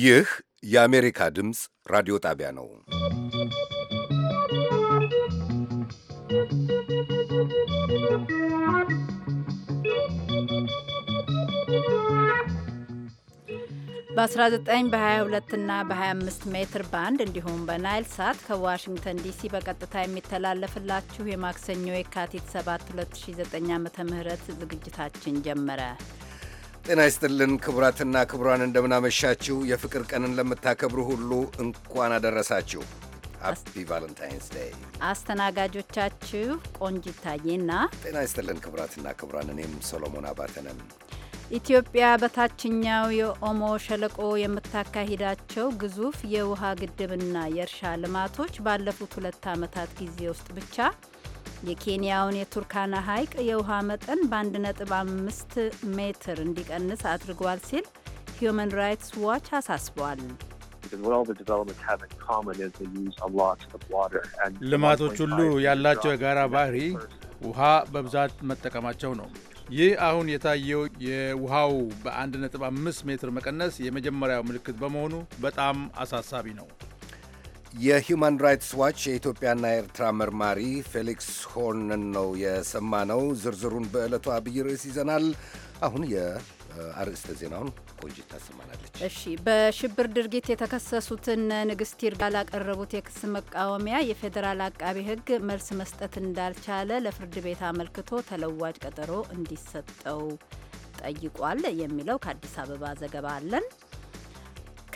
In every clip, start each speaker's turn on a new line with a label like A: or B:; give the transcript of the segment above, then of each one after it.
A: ይህ የአሜሪካ ድምፅ ራዲዮ ጣቢያ ነው።
B: በ19 በ22 እና በ25 ሜትር ባንድ እንዲሁም በናይል ሳት ከዋሽንግተን ዲሲ በቀጥታ የሚተላለፍላችሁ የማክሰኞ የካቲት 7 2009 ዓ ም ዝግጅታችን ጀመረ።
A: ጤና ይስጥልን ክቡራትና ክቡራን፣ እንደምናመሻችሁ። የፍቅር ቀንን ለምታከብሩ ሁሉ እንኳን አደረሳችሁ። ሀፒ ቫለንታይንስ ዴይ።
B: አስተናጋጆቻችሁ ቆንጅታዬና፣ ጤና ይስጥልን ክቡራትና ክቡራን፣
A: እኔም ሶሎሞን አባተ
B: ኢትዮጵያ በታችኛው የኦሞ ሸለቆ የምታካሂዳቸው ግዙፍ የውሃ ግድብና የእርሻ ልማቶች ባለፉት ሁለት ዓመታት ጊዜ ውስጥ ብቻ የኬንያውን የቱርካና ሐይቅ የውሃ መጠን በ1.5 ሜትር እንዲቀንስ አድርጓል ሲል ሂዩማን ራይትስ ዋች አሳስቧል።
C: ልማቶች ሁሉ ያላቸው የጋራ
D: ባህሪ ውሃ በብዛት መጠቀማቸው ነው። ይህ አሁን የታየው የውሃው በ1.5 ሜትር መቀነስ የመጀመሪያው ምልክት በመሆኑ በጣም አሳሳቢ ነው።
A: የሂውማን ራይትስ ዋች የኢትዮጵያና የኤርትራ መርማሪ ፌሊክስ ሆርንን ነው የሰማነው። ዝርዝሩን በዕለቱ አብይ ርዕስ ይዘናል። አሁን የአርዕስተ ዜናውን ቆንጂት ታሰማናለች።
B: እሺ። በሽብር ድርጊት የተከሰሱትን ንግስት ይርጋ ላቀረቡት የክስ መቃወሚያ የፌዴራል አቃቢ ሕግ መልስ መስጠት እንዳልቻለ ለፍርድ ቤት አመልክቶ ተለዋጭ ቀጠሮ እንዲሰጠው ጠይቋል። የሚለው ከአዲስ አበባ ዘገባ አለን።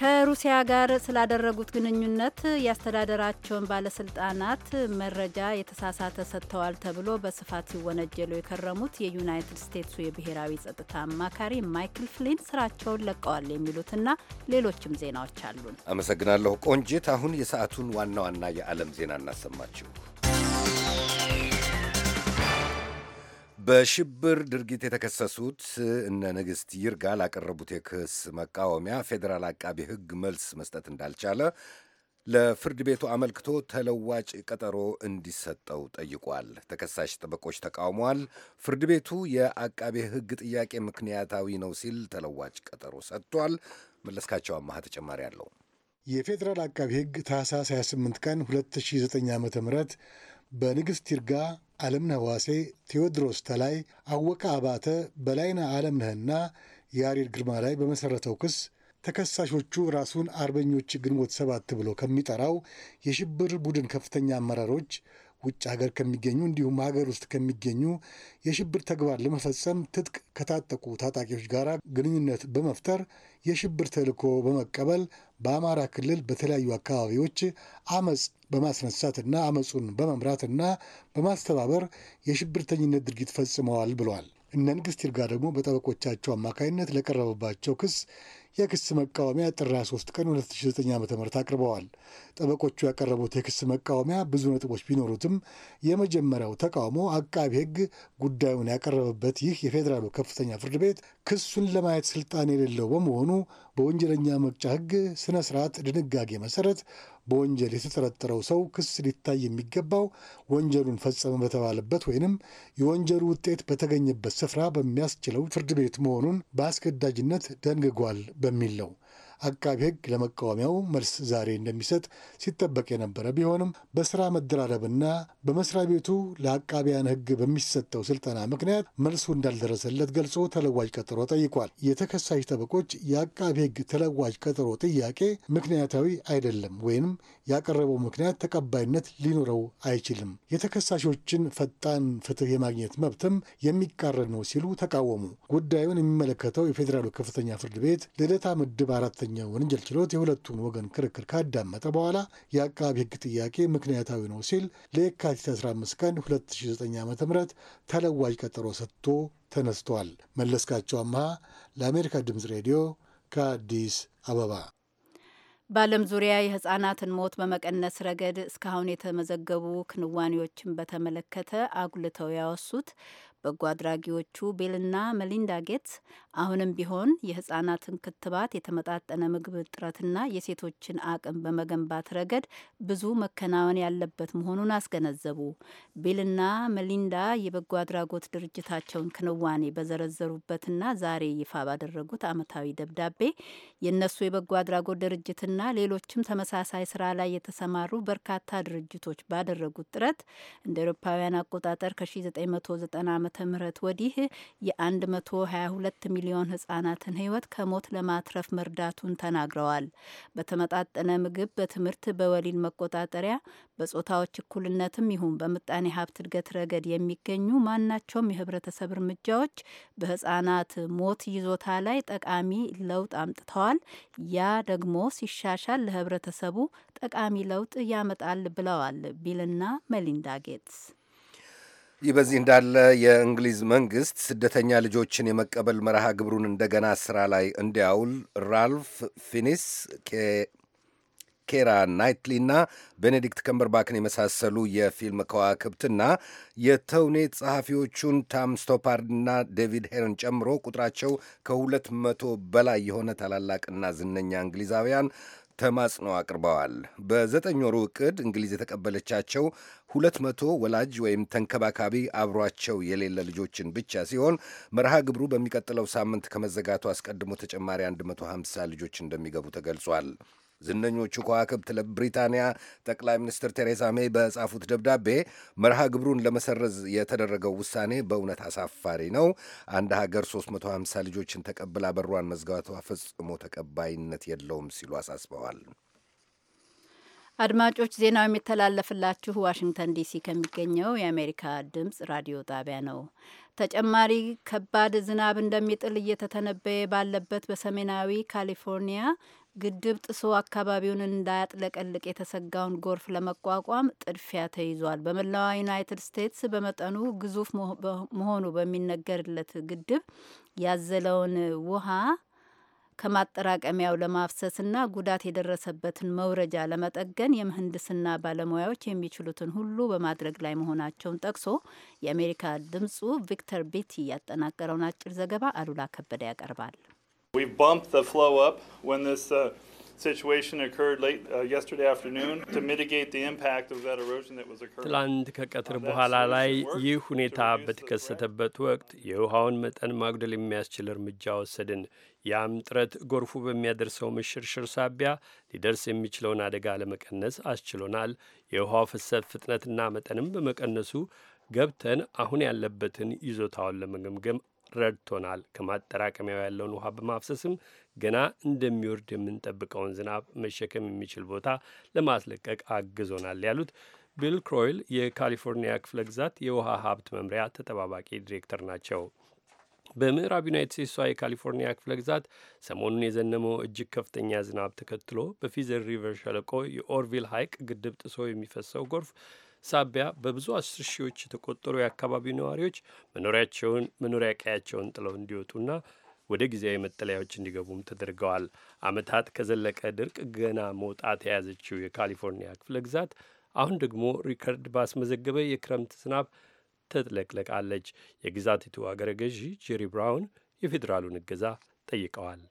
B: ከሩሲያ ጋር ስላደረጉት ግንኙነት የአስተዳደራቸውን ባለስልጣናት መረጃ የተሳሳተ ሰጥተዋል ተብሎ በስፋት ሲወነጀሉ የከረሙት የዩናይትድ ስቴትሱ የብሔራዊ ጸጥታ አማካሪ ማይክል ፍሊን ስራቸውን ለቀዋል የሚሉትና ሌሎችም ዜናዎች አሉን።
A: አመሰግናለሁ ቆንጂት። አሁን የሰዓቱን ዋና ዋና የዓለም ዜና እናሰማችሁ። በሽብር ድርጊት የተከሰሱት እነ ንግሥት ይርጋ ላቀረቡት የክስ መቃወሚያ ፌዴራል አቃቢ ሕግ መልስ መስጠት እንዳልቻለ ለፍርድ ቤቱ አመልክቶ ተለዋጭ ቀጠሮ እንዲሰጠው ጠይቋል። ተከሳሽ ጠበቆች ተቃውመዋል። ፍርድ ቤቱ የአቃቤ ሕግ ጥያቄ ምክንያታዊ ነው ሲል ተለዋጭ ቀጠሮ ሰጥቷል። መለስካቸው አማሃ ተጨማሪ አለው።
E: የፌዴራል አቃቤ ሕግ ታህሳስ 28 ቀን 2009 ዓ.ም በንግሥት ይርጋ፣ አለምነህ ዋሴ፣ ቴዎድሮስ ተላይ፣ አወቀ አባተ፣ በላይነ አለምነህና ያሬድ ግርማ ላይ በመሠረተው ክስ ተከሳሾቹ ራሱን አርበኞች ግንቦት ሰባት ብሎ ከሚጠራው የሽብር ቡድን ከፍተኛ አመራሮች ውጭ ሀገር ከሚገኙ እንዲሁም ሀገር ውስጥ ከሚገኙ የሽብር ተግባር ለመፈጸም ትጥቅ ከታጠቁ ታጣቂዎች ጋር ግንኙነት በመፍጠር የሽብር ተልዕኮ በመቀበል በአማራ ክልል በተለያዩ አካባቢዎች አመፅ በማስነሳትና አመፁን በመምራትና በማስተባበር የሽብርተኝነት ድርጊት ፈጽመዋል ብለዋል። እነ ንግሥት ይርጋ ደግሞ በጠበቆቻቸው አማካኝነት ለቀረበባቸው ክስ የክስ መቃወሚያ ጥር 23 ቀን 2009 ዓ ም አቅርበዋል። ጠበቆቹ ያቀረቡት የክስ መቃወሚያ ብዙ ነጥቦች ቢኖሩትም የመጀመሪያው ተቃውሞ አቃቢ ሕግ ጉዳዩን ያቀረበበት ይህ የፌዴራሉ ከፍተኛ ፍርድ ቤት ክሱን ለማየት ስልጣን የሌለው በመሆኑ በወንጀለኛ መቅጫ ሕግ ስነ ስርዓት ድንጋጌ መሰረት በወንጀል የተጠረጠረው ሰው ክስ ሊታይ የሚገባው ወንጀሉን ፈጸመ በተባለበት ወይንም የወንጀሉ ውጤት በተገኘበት ስፍራ በሚያስችለው ፍርድ ቤት መሆኑን በአስገዳጅነት ደንግጓል በሚል ነው። አቃቢ ሕግ ለመቃወሚያው መልስ ዛሬ እንደሚሰጥ ሲጠበቅ የነበረ ቢሆንም በስራ መደራረብና በመስሪያ ቤቱ ለአቃቢያን ሕግ በሚሰጠው ስልጠና ምክንያት መልሱ እንዳልደረሰለት ገልጾ ተለዋጅ ቀጠሮ ጠይቋል። የተከሳሽ ጠበቆች የአቃቢ ሕግ ተለዋጅ ቀጠሮ ጥያቄ ምክንያታዊ አይደለም ወይም ያቀረበው ምክንያት ተቀባይነት ሊኖረው አይችልም፣ የተከሳሾችን ፈጣን ፍትህ የማግኘት መብትም የሚቃረን ነው ሲሉ ተቃወሙ። ጉዳዩን የሚመለከተው የፌዴራሉ ከፍተኛ ፍርድ ቤት ልደታ ምድብ አራተ ከፍተኛ ወንጀል ችሎት የሁለቱን ወገን ክርክር ካዳመጠ በኋላ የአቃቢ ሕግ ጥያቄ ምክንያታዊ ነው ሲል ለየካቲት 15 ቀን 2009 ዓ ም ተለዋጅ ቀጠሮ ሰጥቶ ተነስቷል። መለስካቸው አምሃ ለአሜሪካ ድምፅ ሬዲዮ ከአዲስ አበባ።
B: በዓለም ዙሪያ የህጻናትን ሞት በመቀነስ ረገድ እስካሁን የተመዘገቡ ክንዋኔዎችን በተመለከተ አጉልተው ያወሱት በጎ አድራጊዎቹ ቤልና መሊንዳ ጌትስ አሁንም ቢሆን የህጻናትን ክትባት፣ የተመጣጠነ ምግብ እጥረትና የሴቶችን አቅም በመገንባት ረገድ ብዙ መከናወን ያለበት መሆኑን አስገነዘቡ። ቢልና መሊንዳ የበጎ አድራጎት ድርጅታቸውን ክንዋኔ በዘረዘሩበትና ዛሬ ይፋ ባደረጉት አመታዊ ደብዳቤ የእነሱ የበጎ አድራጎት ድርጅትና ሌሎችም ተመሳሳይ ስራ ላይ የተሰማሩ በርካታ ድርጅቶች ባደረጉት ጥረት እንደ ኤሮፓውያን አቆጣጠር ከ1990 ዓ ዓ.ም ወዲህ የ122 ሚሊዮን ህጻናትን ህይወት ከሞት ለማትረፍ መርዳቱን ተናግረዋል። በተመጣጠነ ምግብ፣ በትምህርት፣ በወሊድ መቆጣጠሪያ፣ በጾታዎች እኩልነትም ይሁን በምጣኔ ሀብት እድገት ረገድ የሚገኙ ማናቸውም የህብረተሰብ እርምጃዎች በህጻናት ሞት ይዞታ ላይ ጠቃሚ ለውጥ አምጥተዋል። ያ ደግሞ ሲሻሻል ለህብረተሰቡ ጠቃሚ ለውጥ ያመጣል ብለዋል ቢልና መሊንዳ ጌትስ።
A: ይህ በዚህ እንዳለ የእንግሊዝ መንግስት ስደተኛ ልጆችን የመቀበል መርሃ ግብሩን እንደገና ስራ ላይ እንዲያውል ራልፍ ፊኒስ ኬራ ናይትሊና ቤኔዲክት ከምበርባክን የመሳሰሉ የፊልም ከዋክብትና የተውኔት ጸሐፊዎቹን ታም ስቶፓርድና ዴቪድ ሄርን ጨምሮ ቁጥራቸው ከሁለት መቶ በላይ የሆነ ታላላቅና ዝነኛ እንግሊዛውያን ተማጽኖ አቅርበዋል። በዘጠኝ ወሩ ዕቅድ እንግሊዝ የተቀበለቻቸው ሁለት መቶ ወላጅ ወይም ተንከባካቢ አብሯቸው የሌለ ልጆችን ብቻ ሲሆን መርሃ ግብሩ በሚቀጥለው ሳምንት ከመዘጋቱ አስቀድሞ ተጨማሪ 150 ልጆች እንደሚገቡ ተገልጿል። ዝነኞቹ ከዋክብት ለብሪታንያ ጠቅላይ ሚኒስትር ቴሬዛ ሜይ በጻፉት ደብዳቤ መርሃ ግብሩን ለመሰረዝ የተደረገው ውሳኔ በእውነት አሳፋሪ ነው። አንድ ሀገር 350 ልጆችን ተቀብላ በሯን መዝጋቷ ፈጽሞ ተቀባይነት የለውም ሲሉ አሳስበዋል።
B: አድማጮች፣ ዜናው የሚተላለፍላችሁ ዋሽንግተን ዲሲ ከሚገኘው የአሜሪካ ድምፅ ራዲዮ ጣቢያ ነው። ተጨማሪ ከባድ ዝናብ እንደሚጥል እየተተነበየ ባለበት በሰሜናዊ ካሊፎርኒያ ግድብ ጥሶ አካባቢውን እንዳያጥለቀልቅ የተሰጋውን ጎርፍ ለመቋቋም ጥድፊያ ተይዟል። በመላዋ ዩናይትድ ስቴትስ በመጠኑ ግዙፍ መሆኑ በሚነገርለት ግድብ ያዘለውን ውሃ ከማጠራቀሚያው ለማፍሰስና ጉዳት የደረሰበትን መውረጃ ለመጠገን የምህንድስና ባለሙያዎች የሚችሉትን ሁሉ በማድረግ ላይ መሆናቸውን ጠቅሶ የአሜሪካ ድምጹ ቪክተር ቤቲ ያጠናቀረውን አጭር ዘገባ አሉላ ከበደ ያቀርባል።
F: We bumped the flow up when this uh, situation occurred late uh, yesterday afternoon to mitigate the impact of that erosion that was occurring. ትላንት ከቀትር uh, በኋላ ላይ ይህ ሁኔታ በተከሰተበት ወቅት የውሃውን መጠን ማጉደል የሚያስችል እርምጃ ወሰድን። ያም ጥረት ጎርፉ በሚያደርሰው መሸርሸር ሳቢያ ሊደርስ የሚችለውን አደጋ ለመቀነስ አስችሎናል። የውሃው ፍሰት ፍጥነትና መጠንም በመቀነሱ ገብተን አሁን ያለበትን ይዞታውን ለመገምገም ረድቶናል። ከማጠራቀሚያው ያለውን ውሃ በማፍሰስም ገና እንደሚወርድ የምንጠብቀውን ዝናብ መሸከም የሚችል ቦታ ለማስለቀቅ አግዞናል ያሉት ቢል ክሮይል የካሊፎርኒያ ክፍለ ግዛት የውሃ ሀብት መምሪያ ተጠባባቂ ዲሬክተር ናቸው። በምዕራብ ዩናይት ስቴትሷ የካሊፎርኒያ ክፍለ ግዛት ሰሞኑን የዘነመው እጅግ ከፍተኛ ዝናብ ተከትሎ በፊዘር ሪቨር ሸለቆ የኦርቪል ሀይቅ ግድብ ጥሶ የሚፈሰው ጎርፍ ሳቢያ በብዙ አስር ሺዎች የተቆጠሩ የአካባቢው ነዋሪዎች መኖሪያቸውን መኖሪያ ቀያቸውን ጥለው እንዲወጡና ወደ ጊዜያዊ መጠለያዎች እንዲገቡም ተደርገዋል። ዓመታት ከዘለቀ ድርቅ ገና መውጣት የያዘችው የካሊፎርኒያ ክፍለ ግዛት አሁን ደግሞ ሪከርድ ባስመዘገበ የክረምት ዝናብ ተጥለቅለቃለች። የግዛቲቱ አገረ ገዢ ጄሪ ብራውን የፌዴራሉን እገዛ ጠይቀዋል።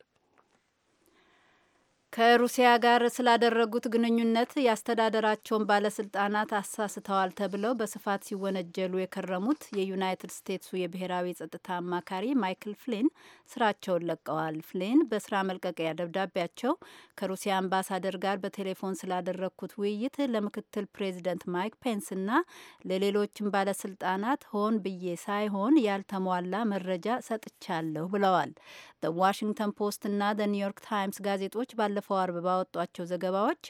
B: ከሩሲያ ጋር ስላደረጉት ግንኙነት የአስተዳደራቸውን ባለስልጣናት አሳስተዋል ተብለው በስፋት ሲወነጀሉ የከረሙት የዩናይትድ ስቴትሱ የብሔራዊ ጸጥታ አማካሪ ማይክል ፍሊን ስራቸውን ለቀዋል። ፍሊን በስራ መልቀቂያ ደብዳቤያቸው ከሩሲያ አምባሳደር ጋር በቴሌፎን ስላደረግኩት ውይይት ለምክትል ፕሬዚደንት ማይክ ፔንስና ለሌሎችም ባለስልጣናት ሆን ብዬ ሳይሆን ያልተሟላ መረጃ ሰጥቻለሁ ብለዋል። ዋሽንግተን ፖስት እና ኒውዮርክ ታይምስ ጋዜጦች ባለፈው ባለፈው አርብ ባወጧቸው ዘገባዎች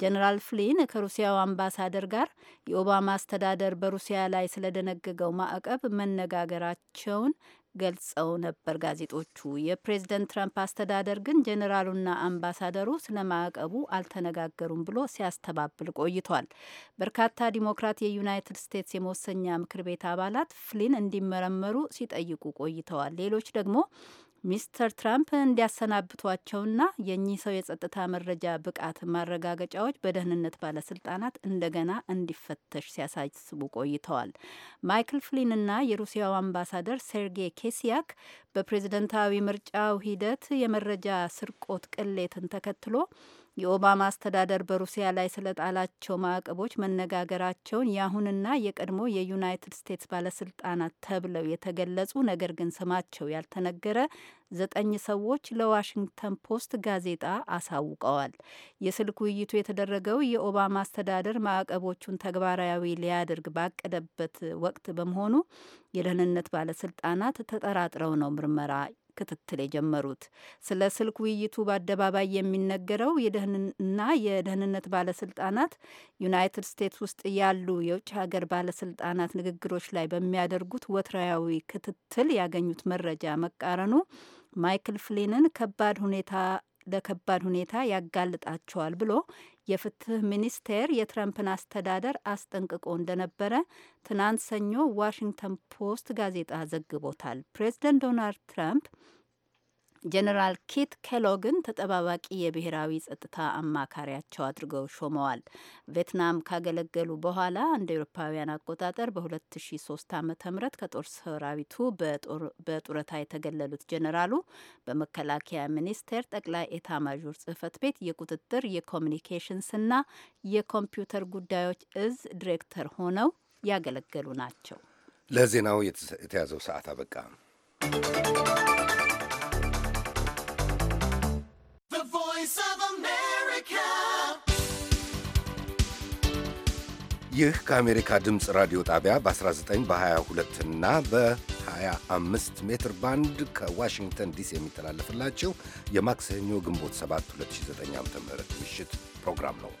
B: ጀነራል ፍሊን ከሩሲያው አምባሳደር ጋር የኦባማ አስተዳደር በሩሲያ ላይ ስለደነገገው ማዕቀብ መነጋገራቸውን ገልጸው ነበር ጋዜጦቹ። የፕሬዝደንት ትራምፕ አስተዳደር ግን ጀኔራሉና አምባሳደሩ ስለ ማዕቀቡ አልተነጋገሩም ብሎ ሲያስተባብል ቆይቷል። በርካታ ዲሞክራት የዩናይትድ ስቴትስ የመወሰኛ ምክር ቤት አባላት ፍሊን እንዲመረመሩ ሲጠይቁ ቆይተዋል። ሌሎች ደግሞ ሚስተር ትራምፕ እንዲያሰናብቷቸውና የእኚህ ሰው የጸጥታ መረጃ ብቃት ማረጋገጫዎች በደህንነት ባለስልጣናት እንደገና እንዲፈተሽ ሲያሳስቡ ቆይተዋል። ማይክል ፍሊንና የሩሲያው አምባሳደር ሴርጌይ ኬሲያክ በፕሬዝደንታዊ ምርጫው ሂደት የመረጃ ስርቆት ቅሌትን ተከትሎ የኦባማ አስተዳደር በሩሲያ ላይ ስለጣላቸው ማዕቀቦች መነጋገራቸውን የአሁንና የቀድሞ የዩናይትድ ስቴትስ ባለስልጣናት ተብለው የተገለጹ ነገር ግን ስማቸው ያልተነገረ ዘጠኝ ሰዎች ለዋሽንግተን ፖስት ጋዜጣ አሳውቀዋል። የስልክ ውይይቱ የተደረገው የኦባማ አስተዳደር ማዕቀቦቹን ተግባራዊ ሊያደርግ ባቀደበት ወቅት በመሆኑ የደህንነት ባለስልጣናት ተጠራጥረው ነው ምርመራ ክትትል የጀመሩት። ስለ ስልክ ውይይቱ በአደባባይ የሚነገረው እና የደህንነት ባለስልጣናት ዩናይትድ ስቴትስ ውስጥ ያሉ የውጭ ሀገር ባለስልጣናት ንግግሮች ላይ በሚያደርጉት ወትራዊ ክትትል ያገኙት መረጃ መቃረኑ ማይክል ፍሊንን ከባድ ሁኔታ ለከባድ ሁኔታ ያጋልጣቸዋል ብሎ የፍትህ ሚኒስቴር የትረምፕን አስተዳደር አስጠንቅቆ እንደነበረ ትናንት ሰኞ ዋሽንግተን ፖስት ጋዜጣ ዘግቦታል። ፕሬዚደንት ዶናልድ ትራምፕ ጀነራል ኪት ኬሎግን ተጠባባቂ የብሔራዊ ጸጥታ አማካሪያቸው አድርገው ሾመዋል። ቬትናም ካገለገሉ በኋላ እንደ ኤሮፓውያን አቆጣጠር በ2003 ዓ ም ከጦር ሰራዊቱ በጡረታ የተገለሉት ጀነራሉ በመከላከያ ሚኒስቴር ጠቅላይ ኤታ ማዦር ጽህፈት ቤት የቁጥጥር የኮሚኒኬሽንስና የኮምፒውተር ጉዳዮች እዝ ዲሬክተር ሆነው ያገለገሉ ናቸው።
A: ለዜናው የተያዘው ሰዓት አበቃ። ይህ ከአሜሪካ ድምፅ ራዲዮ ጣቢያ በ19 በ22 እና በ25 ሜትር ባንድ ከዋሽንግተን ዲሲ የሚተላለፍላችሁ የማክሰኞ ግንቦት 7 2009 ዓ ም ምሽት ፕሮግራም ነው።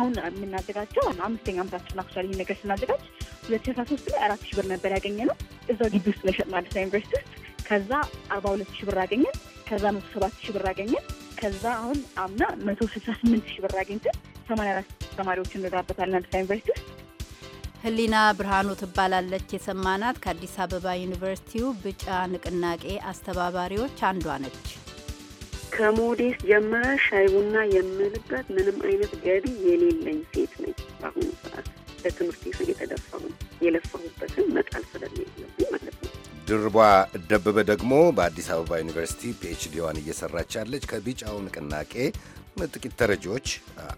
G: አሁን የምናዘጋጀው አምስተኛ ዓመታችን አክቹዋሊ ነገር ስናዘጋጅ 2013 ላይ አራት ሺህ ብር ነበር ያገኘ ነው። እዛው ግቢ ውስጥ መሸጥ ማለት ነው ዩኒቨርሲቲ ውስጥ። ከዛ 42 ሺህ ብር አገኘን። ከዛ 107 ሺህ ብር አገኘን። ከዛ
B: አሁን አምና መቶ ስልሳ ስምንት ሺህ ብር አግኝተን ሰማንያ አራት ተማሪዎች እንረዳበታለን አዲስ ዩኒቨርሲቲ ውስጥ። ህሊና ብርሃኑ ትባላለች። የሰማናት ከአዲስ አበባ ዩኒቨርሲቲው ብጫ ንቅናቄ አስተባባሪዎች አንዷ ነች።
C: ከሞዴስ ጀምረ ሻይ ቡና የምልበት ምንም አይነት ገቢ የሌለኝ ሴት ነኝ። በአሁኑ ሰዓት ለትምህርት ቤት እየተደፋሁ የለፋሁበትን መጣል ስለሌለብኝ
A: ድርቧ ደበበ ደግሞ በአዲስ አበባ ዩኒቨርሲቲ ፒኤችዲዋን እየሰራች ያለች ከቢጫው ንቅናቄ ጥቂት ተረጂዎች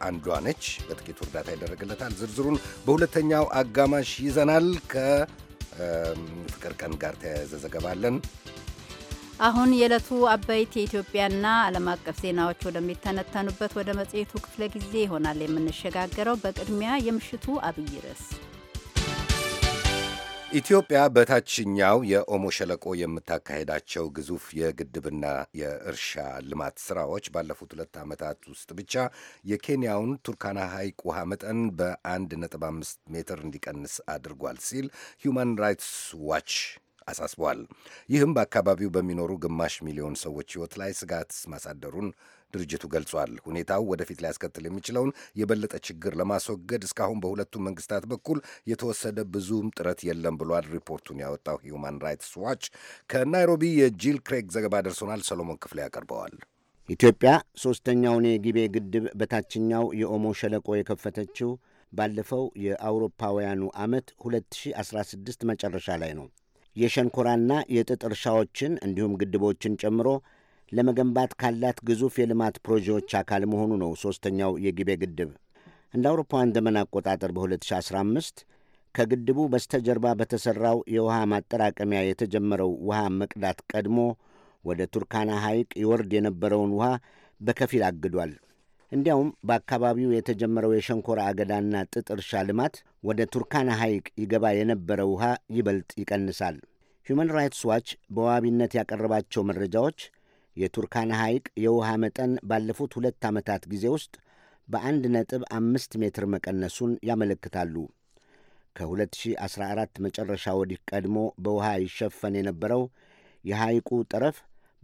A: አንዷ ነች። በጥቂቱ እርዳታ ይደረግለታል። ዝርዝሩን በሁለተኛው አጋማሽ ይዘናል። ከፍቅር ቀን ጋር ተያያዘ ዘገባለን።
B: አሁን የዕለቱ አበይት የኢትዮጵያና ዓለም አቀፍ ዜናዎች ወደሚተነተኑበት ወደ መጽሔቱ ክፍለ ጊዜ ይሆናል የምንሸጋገረው። በቅድሚያ የምሽቱ አብይ ርዕስ
A: ኢትዮጵያ በታችኛው የኦሞ ሸለቆ የምታካሄዳቸው ግዙፍ የግድብና የእርሻ ልማት ስራዎች ባለፉት ሁለት ዓመታት ውስጥ ብቻ የኬንያውን ቱርካና ሐይቅ ውሃ መጠን በ1.5 ሜትር እንዲቀንስ አድርጓል ሲል ሁማን ራይትስ ዋች አሳስቧል። ይህም በአካባቢው በሚኖሩ ግማሽ ሚሊዮን ሰዎች ሕይወት ላይ ስጋት ማሳደሩን ድርጅቱ ገልጿል። ሁኔታው ወደፊት ሊያስከትል የሚችለውን የበለጠ ችግር ለማስወገድ እስካሁን በሁለቱም መንግስታት በኩል የተወሰደ ብዙም ጥረት የለም ብሏል። ሪፖርቱን ያወጣው ሂዩማን ራይትስ ዋች
H: ከናይሮቢ የጂል ክሬግ ዘገባ
A: ደርሶናል። ሰሎሞን ክፍሌ ያቀርበዋል።
H: ኢትዮጵያ ሦስተኛውን የጊቤ ግድብ በታችኛው የኦሞ ሸለቆ የከፈተችው ባለፈው የአውሮፓውያኑ ዓመት 2016 መጨረሻ ላይ ነው። የሸንኮራና የጥጥ እርሻዎችን እንዲሁም ግድቦችን ጨምሮ ለመገንባት ካላት ግዙፍ የልማት ፕሮጀዎች አካል መሆኑ ነው። ሦስተኛው የጊቤ ግድብ እንደ አውሮፓውያን ዘመን አቆጣጠር በ2015 ከግድቡ በስተጀርባ በተሠራው የውሃ ማጠራቀሚያ የተጀመረው ውሃ መቅዳት ቀድሞ ወደ ቱርካና ሐይቅ ይወርድ የነበረውን ውሃ በከፊል አግዷል። እንዲያውም በአካባቢው የተጀመረው የሸንኮራ አገዳና ጥጥ እርሻ ልማት ወደ ቱርካና ሐይቅ ይገባ የነበረ ውሃ ይበልጥ ይቀንሳል። ሁማን ራይትስ ዋች በዋቢነት ያቀረባቸው መረጃዎች የቱርካና ሐይቅ የውሃ መጠን ባለፉት ሁለት ዓመታት ጊዜ ውስጥ በአንድ ነጥብ አምስት ሜትር መቀነሱን ያመለክታሉ። ከ2014 መጨረሻ ወዲህ ቀድሞ በውሃ ይሸፈን የነበረው የሐይቁ ጠረፍ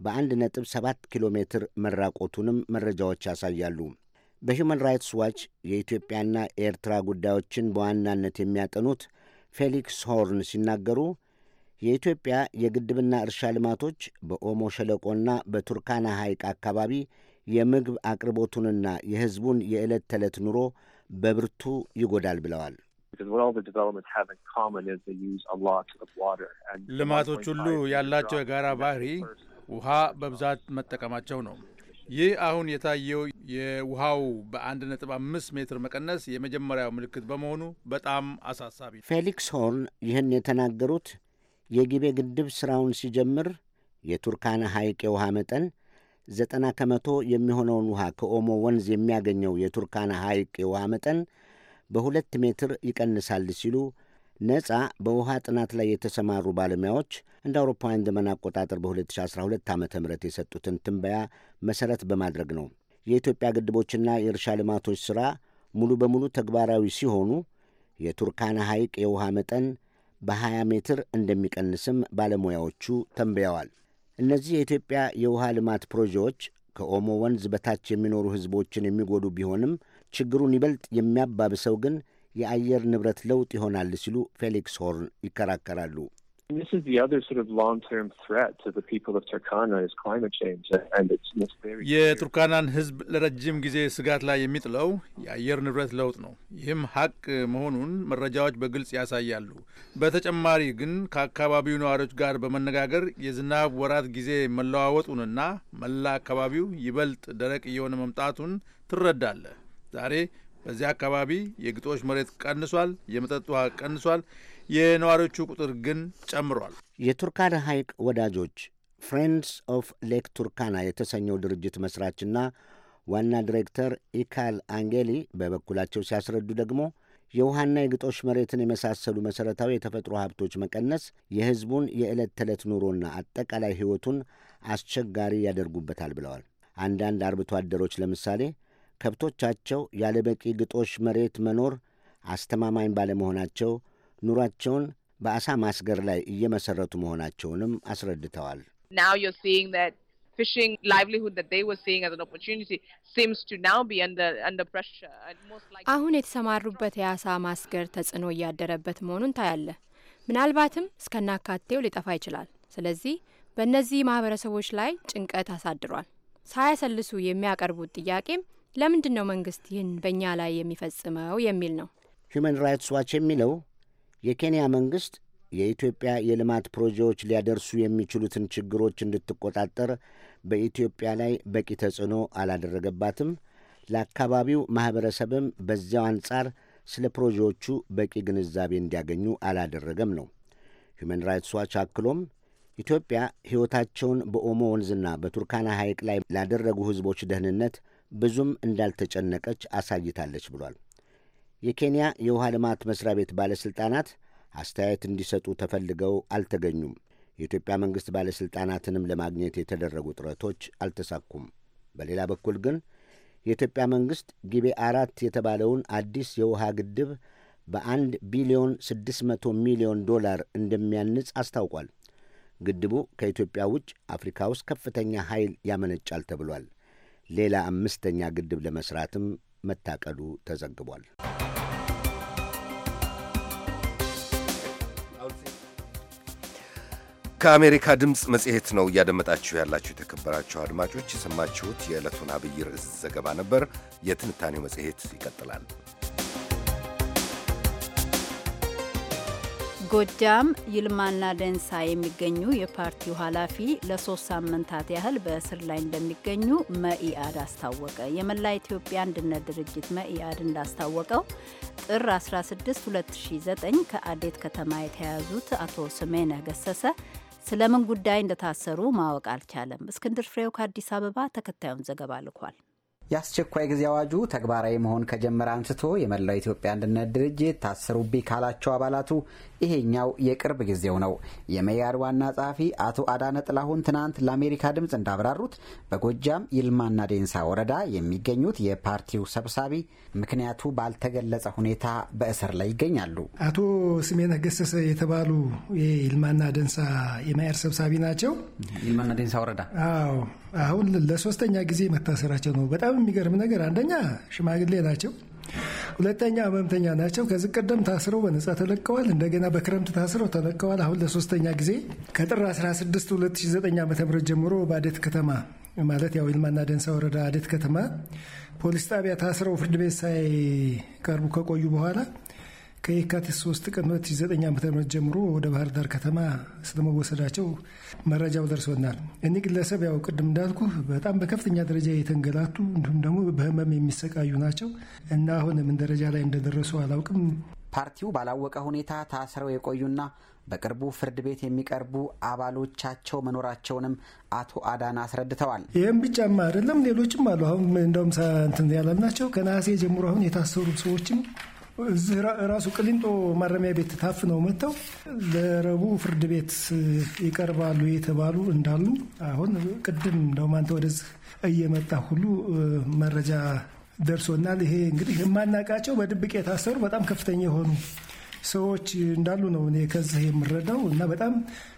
H: በአንድ ነጥብ ሰባት ኪሎ ሜትር መራቆቱንም መረጃዎች ያሳያሉ። በሁመን ራይትስ ዋች የኢትዮጵያና ኤርትራ ጉዳዮችን በዋናነት የሚያጠኑት ፌሊክስ ሆርን ሲናገሩ የኢትዮጵያ የግድብና እርሻ ልማቶች በኦሞ ሸለቆና በቱርካና ሐይቅ አካባቢ የምግብ አቅርቦቱንና የሕዝቡን የዕለት ተዕለት ኑሮ በብርቱ ይጎዳል ብለዋል።
C: ልማቶች ሁሉ ያላቸው የጋራ
D: ባህሪ ውሃ በብዛት መጠቀማቸው ነው። ይህ አሁን የታየው የውሃው በአንድ ነጥብ አምስት ሜትር መቀነስ የመጀመሪያው ምልክት በመሆኑ በጣም አሳሳቢ።
H: ፌሊክስ ሆርን ይህን የተናገሩት የጊቤ ግድብ ሥራውን ሲጀምር የቱርካና ሐይቅ የውሃ መጠን ዘጠና ከመቶ የሚሆነውን ውሃ ከኦሞ ወንዝ የሚያገኘው የቱርካና ሐይቅ የውሃ መጠን በሁለት ሜትር ይቀንሳል ሲሉ ነጻ በውሃ ጥናት ላይ የተሰማሩ ባለሙያዎች እንደ አውሮፓውያን ዘመን አቆጣጠር በ2012 ዓ ም የሰጡትን ትንበያ መሠረት በማድረግ ነው። የኢትዮጵያ ግድቦችና የእርሻ ልማቶች ሥራ ሙሉ በሙሉ ተግባራዊ ሲሆኑ የቱርካና ሐይቅ የውሃ መጠን በ20 ሜትር እንደሚቀንስም ባለሙያዎቹ ተንብየዋል። እነዚህ የኢትዮጵያ የውሃ ልማት ፕሮጀዎች ከኦሞ ወንዝ በታች የሚኖሩ ሕዝቦችን የሚጎዱ ቢሆንም ችግሩን ይበልጥ የሚያባብሰው ግን የአየር ንብረት ለውጥ ይሆናል ሲሉ ፌሊክስ ሆርን ይከራከራሉ።
C: And this is the other sort of long-term threat to the people of Turkana is climate change and it's this very
D: የቱርካናን ሕዝብ ለረጅም ጊዜ ስጋት ላይ የሚጥለው የአየር ንብረት ለውጥ ነው። ይህም ሀቅ መሆኑን መረጃዎች በግልጽ ያሳያሉ። በተጨማሪ ግን ከአካባቢው ነዋሪዎች ጋር በመነጋገር የዝናብ ወራት ጊዜ መለዋወጡንና መላ አካባቢው ይበልጥ ደረቅ እየሆነ መምጣቱን ትረዳለህ። ዛሬ በዚያ አካባቢ የግጦሽ መሬት ቀንሷል፣ የመጠጥ ውሃ ቀንሷል። የነዋሪዎቹ ቁጥር ግን ጨምሯል።
H: የቱርካና ሐይቅ ወዳጆች ፍሬንድስ ኦፍ ሌክ ቱርካና የተሰኘው ድርጅት መሥራችና ዋና ዲሬክተር ኢካል አንጌሊ በበኩላቸው ሲያስረዱ ደግሞ የውሃና የግጦሽ መሬትን የመሳሰሉ መሠረታዊ የተፈጥሮ ሀብቶች መቀነስ የሕዝቡን የዕለት ተዕለት ኑሮና አጠቃላይ ሕይወቱን አስቸጋሪ ያደርጉበታል ብለዋል። አንዳንድ አርብቶ አደሮች ለምሳሌ ከብቶቻቸው ያለ በቂ ግጦሽ መሬት መኖር አስተማማኝ ባለመሆናቸው ኑሯቸውን በአሳ ማስገር ላይ እየመሰረቱ መሆናቸውንም አስረድተዋል።
B: አሁን የተሰማሩበት የአሳ ማስገር ተጽዕኖ እያደረበት መሆኑን ታያለ። ምናልባትም እስከናካቴው ሊጠፋ ይችላል። ስለዚህ በእነዚህ ማህበረሰቦች ላይ ጭንቀት አሳድሯል። ሳያሰልሱ የሚያቀርቡት ጥያቄም ለምንድን ነው መንግስት ይህን በእኛ ላይ የሚፈጽመው የሚል ነው።
H: ሁማን ራይትስ ዋች የሚለው የኬንያ መንግሥት የኢትዮጵያ የልማት ፕሮጀዎች ሊያደርሱ የሚችሉትን ችግሮች እንድትቆጣጠር በኢትዮጵያ ላይ በቂ ተጽዕኖ አላደረገባትም። ለአካባቢው ማኅበረሰብም በዚያው አንጻር ስለ ፕሮጀዎቹ በቂ ግንዛቤ እንዲያገኙ አላደረገም ነው። ሁመን ራይትስ ዋች አክሎም ኢትዮጵያ ሕይወታቸውን በኦሞ ወንዝና በቱርካና ሐይቅ ላይ ላደረጉ ሕዝቦች ደህንነት ብዙም እንዳልተጨነቀች አሳይታለች ብሏል። የኬንያ የውሃ ልማት መስሪያ ቤት ባለሥልጣናት አስተያየት እንዲሰጡ ተፈልገው አልተገኙም። የኢትዮጵያ መንግሥት ባለሥልጣናትንም ለማግኘት የተደረጉ ጥረቶች አልተሳኩም። በሌላ በኩል ግን የኢትዮጵያ መንግሥት ጊቤ አራት የተባለውን አዲስ የውሃ ግድብ በአንድ ቢሊዮን 600 ሚሊዮን ዶላር እንደሚያንጽ አስታውቋል። ግድቡ ከኢትዮጵያ ውጭ አፍሪካ ውስጥ ከፍተኛ ኃይል ያመነጫል ተብሏል። ሌላ አምስተኛ ግድብ ለመስራትም መታቀዱ ተዘግቧል። ከአሜሪካ
A: ድምፅ መጽሔት ነው እያደመጣችሁ ያላችሁ። የተከበራችሁ አድማጮች የሰማችሁት የዕለቱን አብይ ርዕስ ዘገባ ነበር። የትንታኔው መጽሔት ይቀጥላል።
B: ጎጃም ይልማና ደንሳ የሚገኙ የፓርቲው ኃላፊ ለሶስት ሳምንታት ያህል በእስር ላይ እንደሚገኙ መኢአድ አስታወቀ። የመላ ኢትዮጵያ አንድነት ድርጅት መኢአድ እንዳስታወቀው ጥር 16 2009 ከአዴት ከተማ የተያዙት አቶ ስሜነህ ገሰሰ ስለምን ጉዳይ እንደታሰሩ ማወቅ አልቻለም። እስክንድር ፍሬው ከአዲስ አበባ ተከታዩን ዘገባ ልኳል።
I: የአስቸኳይ ጊዜ አዋጁ ተግባራዊ መሆን ከጀመረ አንስቶ የመላው ኢትዮጵያ አንድነት ድርጅት ታሰሩብኝ ካላቸው አባላቱ ይሄኛው የቅርብ ጊዜው ነው። የመያድ ዋና ጸሐፊ አቶ አዳነ ጥላሁን ትናንት ለአሜሪካ ድምፅ እንዳብራሩት በጎጃም ይልማና ዴንሳ ወረዳ የሚገኙት የፓርቲው ሰብሳቢ ምክንያቱ ባልተገለጸ ሁኔታ በእስር ላይ ይገኛሉ።
J: አቶ ስሜነህ ገሰሰ የተባሉ የይልማና ደንሳ የመያድ ሰብሳቢ ናቸው።
I: ይልማና ዴንሳ ወረዳ
J: አሁን ለሶስተኛ ጊዜ መታሰራቸው ነው በጣም የሚገርም ነገር አንደኛ ሽማግሌ ናቸው፣ ሁለተኛ ህመምተኛ ናቸው። ከዚህ ቀደም ታስረው በነጻ ተለቀዋል። እንደገና በክረምት ታስረው ተለቀዋል። አሁን ለሶስተኛ ጊዜ ከጥር 16 2009 ዓ ም ጀምሮ በአዴት ከተማ ማለት ያው ይልማና ደንሳ ወረዳ አዴት ከተማ ፖሊስ ጣቢያ ታስረው ፍርድ ቤት ሳይቀርቡ ከቆዩ በኋላ ከየካቲት 3 ቀን 2009 ዓ ም ጀምሮ ወደ ባህር ዳር ከተማ ስለመወሰዳቸው መረጃው ደርሶናል። እኒህ ግለሰብ ያው ቅድም እንዳልኩ በጣም በከፍተኛ ደረጃ የተንገላቱ እንዲሁም ደግሞ በህመም የሚሰቃዩ ናቸው እና አሁን ምን ደረጃ ላይ እንደደረሱ አላውቅም። ፓርቲው
I: ባላወቀ ሁኔታ ታስረው የቆዩና በቅርቡ ፍርድ ቤት የሚቀርቡ አባሎቻቸው መኖራቸውንም አቶ አዳና አስረድተዋል።
J: ይህም ብቻማ አይደለም፣ ሌሎችም አሉ። አሁን እንደውም እንትን ያላልናቸው ከነሐሴ ጀምሮ አሁን የታሰሩ ሰዎችም እዚህ ራሱ ቅሊንጦ ማረሚያ ቤት ታፍነው መጥተው ለረቡዕ ፍርድ ቤት ይቀርባሉ የተባሉ እንዳሉ አሁን ቅድም እንደውም አንተ ወደዚህ እየመጣ ሁሉ መረጃ ደርሶናል። ይሄ እንግዲህ የማናውቃቸው በድብቅ የታሰሩ በጣም ከፍተኛ የሆኑ ሰዎች እንዳሉ ነው እኔ ከዚህ የምረዳው እና በጣም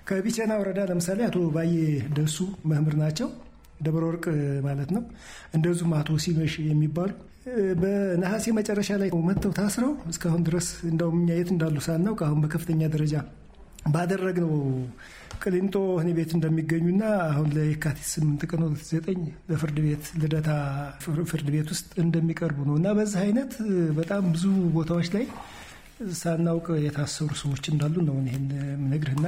J: ከቢቸና ወረዳ ለምሳሌ አቶ ባዬ ደሱ መምህር ናቸው። ደብረ ወርቅ ማለት ነው። እንደዚሁም አቶ ሲመሽ የሚባሉ በነሐሴ መጨረሻ ላይ መጥተው ታስረው እስካሁን ድረስ እንደውም እኛ የት እንዳሉ ሳናውቅ አሁን በከፍተኛ ደረጃ ባደረግነው ቅሊንጦ ወህኒ ቤት እንደሚገኙና አሁን ለየካቲት ስምንት ቀን ዘጠኝ በፍርድ ቤት ልደታ ፍርድ ቤት ውስጥ እንደሚቀርቡ ነው እና በዚህ አይነት በጣም ብዙ ቦታዎች ላይ ሳናውቅ የታሰሩ ሰዎች እንዳሉ ነው ይህን ምነግርህና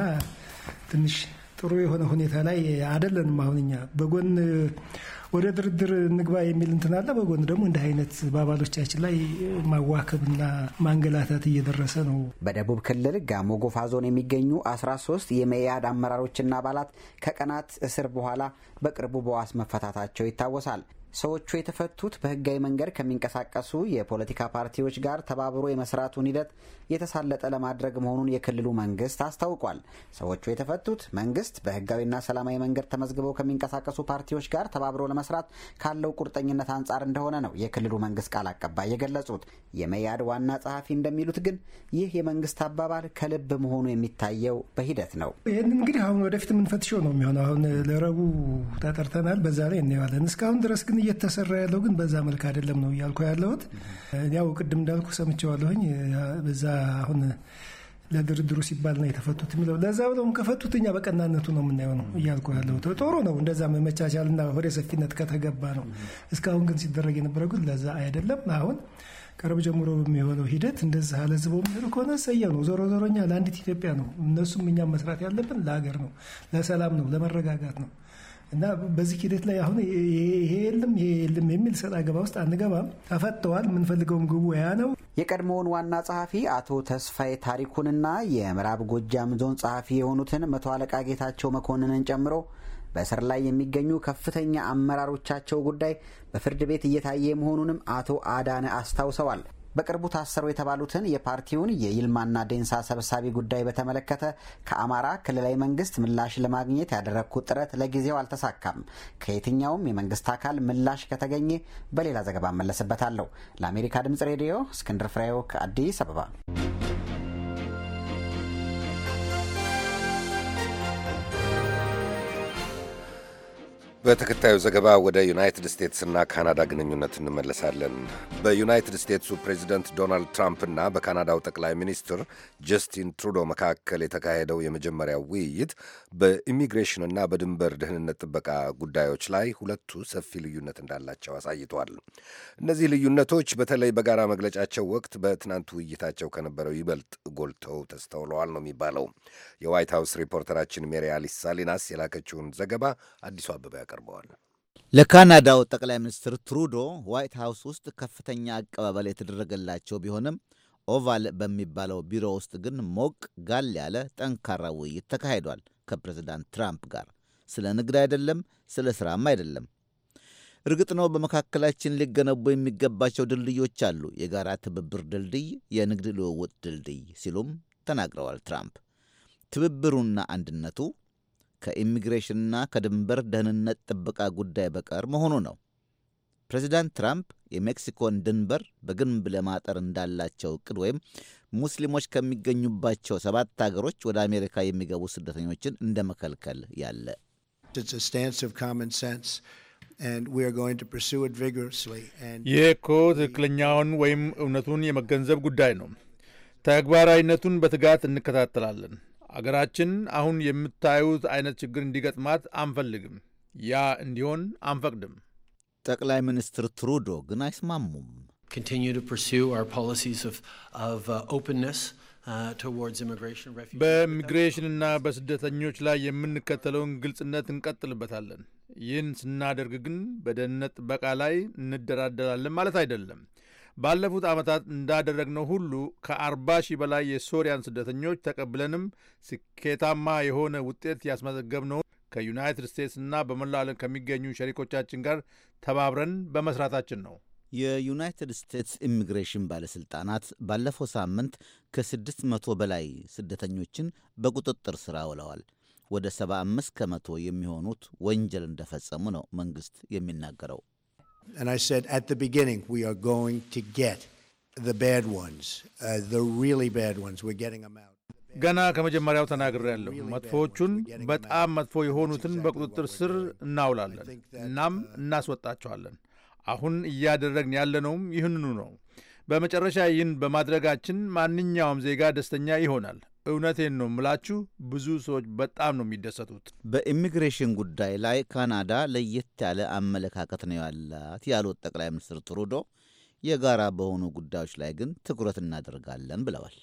J: ትንሽ ጥሩ የሆነ ሁኔታ ላይ አደለንም። አሁን እኛ በጎን ወደ ድርድር እንግባ የሚል እንትን አለ። በጎን ደግሞ እንዲህ አይነት በአባሎቻችን ላይ ማዋከብና ማንገላታት እየደረሰ ነው።
I: በደቡብ ክልል ጋሞ ጎፋ ዞን የሚገኙ 13 የመያድ አመራሮችና አባላት ከቀናት እስር በኋላ በቅርቡ በዋስ መፈታታቸው ይታወሳል። ሰዎቹ የተፈቱት በህጋዊ መንገድ ከሚንቀሳቀሱ የፖለቲካ ፓርቲዎች ጋር ተባብሮ የመስራቱን ሂደት የተሳለጠ ለማድረግ መሆኑን የክልሉ መንግስት አስታውቋል። ሰዎቹ የተፈቱት መንግስት በህጋዊና ሰላማዊ መንገድ ተመዝግበው ከሚንቀሳቀሱ ፓርቲዎች ጋር ተባብሮ ለመስራት ካለው ቁርጠኝነት አንጻር እንደሆነ ነው የክልሉ መንግስት ቃል አቀባይ የገለጹት። የመያድ ዋና ጸሐፊ እንደሚሉት ግን ይህ የመንግስት አባባል ከልብ መሆኑ የሚታየው በሂደት ነው።
J: ይህን እንግዲህ አሁን ወደፊት የምንፈትሸው ነው የሚሆነው። አሁን ለረቡዕ ተጠርተናል፣ በዛ ላይ እናየዋለን። እስካሁን ድረስ ግን እየተሰራ ያለው ግን በዛ መልክ አይደለም ነው እያልኩ ያለሁት። ያው ቅድም እንዳልኩ ሰምቼዋለሁኝ በዛ አሁን ለድርድሩ ሲባል ነው የተፈቱት የሚለው ለዛ ብለውም ከፈቱት እኛ በቀናነቱ ነው የምናየው ነው እያልኩ ያለው ጥሩ ነው። እንደዛ መመቻቻልና ወደ ሰፊነት ከተገባ ነው። እስካሁን ግን ሲደረግ የነበረው ግን ለዛ አይደለም። አሁን ቀረብ ጀምሮ በሚሆነው ሂደት እንደዚህ አለ የሚሄዱ ከሆነ ሰየ ነው። ዞሮ ዞሮኛ ለአንዲት ኢትዮጵያ ነው። እነሱም እኛም መስራት ያለብን ለሀገር ነው፣ ለሰላም ነው፣ ለመረጋጋት ነው። እና በዚህ ሂደት ላይ አሁን ይሄ የለም ይሄ የለም የሚል ሰጥ አገባ ውስጥ አንገባም። ተፈተዋል። የምንፈልገውም ግቡ ያ ነው። የቀድሞውን ዋና ጸሐፊ አቶ
I: ተስፋዬ ታሪኩንና የምዕራብ ጎጃም ዞን ጸሐፊ የሆኑትን መቶ አለቃ ጌታቸው መኮንንን ጨምሮ በእስር ላይ የሚገኙ ከፍተኛ አመራሮቻቸው ጉዳይ በፍርድ ቤት እየታየ መሆኑንም አቶ አዳነ አስታውሰዋል። በቅርቡ ታሰሩ የተባሉትን የፓርቲውን የይልማና ዴንሳ ሰብሳቢ ጉዳይ በተመለከተ ከአማራ ክልላዊ መንግስት ምላሽ ለማግኘት ያደረግኩት ጥረት ለጊዜው አልተሳካም። ከየትኛውም የመንግስት አካል ምላሽ ከተገኘ በሌላ ዘገባ እመለስበታለሁ። ለአሜሪካ ድምጽ ሬዲዮ እስክንድር ፍሬው ከአዲስ አበባ
A: በተከታዩ ዘገባ ወደ ዩናይትድ ስቴትስና ካናዳ ግንኙነት እንመለሳለን። በዩናይትድ ስቴትሱ ፕሬዚደንት ዶናልድ ትራምፕና በካናዳው ጠቅላይ ሚኒስትር ጀስቲን ትሩዶ መካከል የተካሄደው የመጀመሪያው ውይይት በኢሚግሬሽንና በድንበር ደህንነት ጥበቃ ጉዳዮች ላይ ሁለቱ ሰፊ ልዩነት እንዳላቸው አሳይቷል። እነዚህ ልዩነቶች በተለይ በጋራ መግለጫቸው ወቅት በትናንት ውይይታቸው ከነበረው ይበልጥ ጎልተው ተስተውለዋል ነው የሚባለው። የዋይት ሀውስ ሪፖርተራችን ሜሪ አሊስ ሳሊናስ
K: የላከችውን ዘገባ አዲሱ አበባ ያቀርባል። ቀርበዋል። ለካናዳው ጠቅላይ ሚኒስትር ትሩዶ ዋይት ሃውስ ውስጥ ከፍተኛ አቀባበል የተደረገላቸው ቢሆንም ኦቫል በሚባለው ቢሮ ውስጥ ግን ሞቅ ጋል ያለ ጠንካራ ውይይት ተካሂዷል። ከፕሬዝዳንት ትራምፕ ጋር ስለ ንግድ አይደለም፣ ስለ ሥራም አይደለም። እርግጥ ነው በመካከላችን ሊገነቡ የሚገባቸው ድልድዮች አሉ፣ የጋራ ትብብር ድልድይ፣ የንግድ ልውውጥ ድልድይ ሲሉም ተናግረዋል። ትራምፕ ትብብሩና አንድነቱ ከኢሚግሬሽንና ከድንበር ደህንነት ጥበቃ ጉዳይ በቀር መሆኑ ነው። ፕሬዚዳንት ትራምፕ የሜክሲኮን ድንበር በግንብ ለማጠር እንዳላቸው እቅድ ወይም ሙስሊሞች ከሚገኙባቸው ሰባት ሀገሮች ወደ አሜሪካ የሚገቡ ስደተኞችን እንደ መከልከል ያለ
L: ይህ
D: እኮ ትክክለኛውን ወይም እውነቱን የመገንዘብ ጉዳይ ነው። ተግባራዊነቱን በትጋት እንከታተላለን። አገራችን አሁን የምታዩት አይነት ችግር እንዲገጥማት አንፈልግም። ያ እንዲሆን አንፈቅድም።
K: ጠቅላይ ሚኒስትር ትሩዶ ግን አይስማሙም። uh,
E: uh, በኢሚግሬሽንና
D: በስደተኞች ላይ የምንከተለውን ግልጽነት እንቀጥልበታለን። ይህን ስናደርግ ግን በደህንነት ጥበቃ ላይ እንደራደራለን ማለት አይደለም። ባለፉት ዓመታት እንዳደረግነው ሁሉ ከአርባ ሺህ በላይ የሶሪያን ስደተኞች ተቀብለንም ስኬታማ የሆነ ውጤት ያስመዘገብነው ከዩናይትድ ስቴትስና በመላው ዓለም ከሚገኙ ሸሪኮቻችን ጋር ተባብረን በመስራታችን ነው።
K: የዩናይትድ ስቴትስ ኢሚግሬሽን ባለሥልጣናት ባለፈው ሳምንት ከስድስት መቶ በላይ ስደተኞችን በቁጥጥር ሥራ ውለዋል ወደ 75 ከመቶ የሚሆኑት ወንጀል እንደፈጸሙ ነው መንግሥት የሚናገረው።
E: and I said at the beginning, we are going to get the bad ones, uh, the really bad ones. We're getting them out.
D: ገና ከመጀመሪያው ተናግሬያለሁ። መጥፎዎቹን በጣም መጥፎ የሆኑትን በቁጥጥር ስር እናውላለን፣ እናም uh, እናስወጣቸዋለን። አሁን እያደረግን ያለነውም ይህንኑ ነው። በመጨረሻ ይህን በማድረጋችን ማንኛውም ዜጋ ደስተኛ ይሆናል። እውነቴን ነው ምላችሁ፣ ብዙ ሰዎች በጣም ነው የሚደሰቱት።
K: በኢሚግሬሽን ጉዳይ ላይ ካናዳ ለየት ያለ አመለካከት ነው ያላት ያሉት ጠቅላይ ሚኒስትር ትሩዶ የጋራ በሆኑ ጉዳዮች ላይ ግን ትኩረት እናደርጋለን ብለዋል።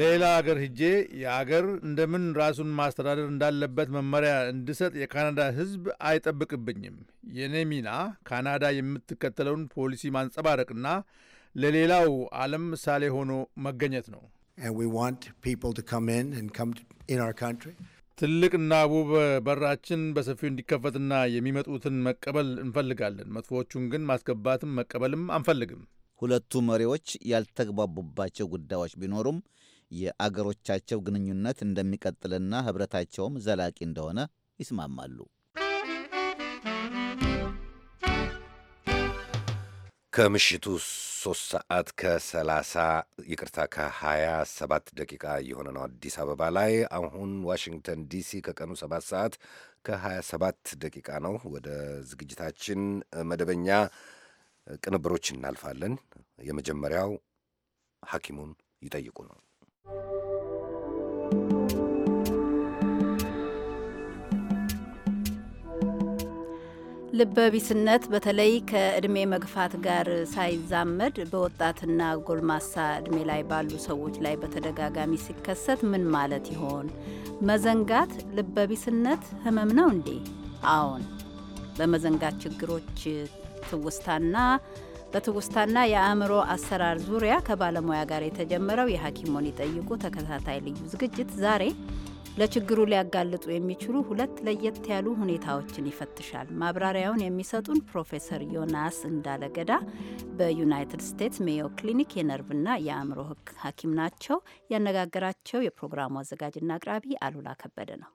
E: ሌላ
D: አገር ሂጄ የአገር እንደምን ራሱን ማስተዳደር እንዳለበት መመሪያ እንድሰጥ የካናዳ ሕዝብ አይጠብቅብኝም። የኔ ሚና ካናዳ የምትከተለውን ፖሊሲ ማንጸባረቅና ለሌላው ዓለም ምሳሌ ሆኖ መገኘት ነው። ትልቅና ውብ በራችን በሰፊው እንዲከፈትና የሚመጡትን መቀበል እንፈልጋለን። መጥፎዎቹን ግን ማስገባትም መቀበልም አንፈልግም።
K: ሁለቱ መሪዎች ያልተግባቡባቸው ጉዳዮች ቢኖሩም የአገሮቻቸው ግንኙነት እንደሚቀጥልና ኅብረታቸውም ዘላቂ እንደሆነ ይስማማሉ።
A: ከምሽቱ 3 ሰዓት ከ30 ይቅርታ ከ27 ደቂቃ የሆነ ነው አዲስ አበባ ላይ። አሁን ዋሽንግተን ዲሲ ከቀኑ 7 ሰዓት ከ27 ደቂቃ ነው። ወደ ዝግጅታችን መደበኛ ቅንብሮች እናልፋለን። የመጀመሪያው ሐኪሙን ይጠይቁ ነው።
B: ልበቢስነት በተለይ ከእድሜ መግፋት ጋር ሳይዛመድ በወጣትና ጎልማሳ እድሜ ላይ ባሉ ሰዎች ላይ በተደጋጋሚ ሲከሰት ምን ማለት ይሆን? መዘንጋት ልበቢስነት ህመም ነው እንዴ? አዎን። በመዘንጋት ችግሮች ትውስታና በትውስታና የአእምሮ አሰራር ዙሪያ ከባለሙያ ጋር የተጀመረው የሐኪሞን ይጠይቁ ተከታታይ ልዩ ዝግጅት ዛሬ ለችግሩ ሊያጋልጡ የሚችሉ ሁለት ለየት ያሉ ሁኔታዎችን ይፈትሻል። ማብራሪያውን የሚሰጡን ፕሮፌሰር ዮናስ እንዳለገዳ በዩናይትድ ስቴትስ ሜዮ ክሊኒክ የነርቭና የአእምሮ ሐኪም ናቸው። ያነጋገራቸው የፕሮግራሙ አዘጋጅና አቅራቢ አሉላ ከበደ ነው።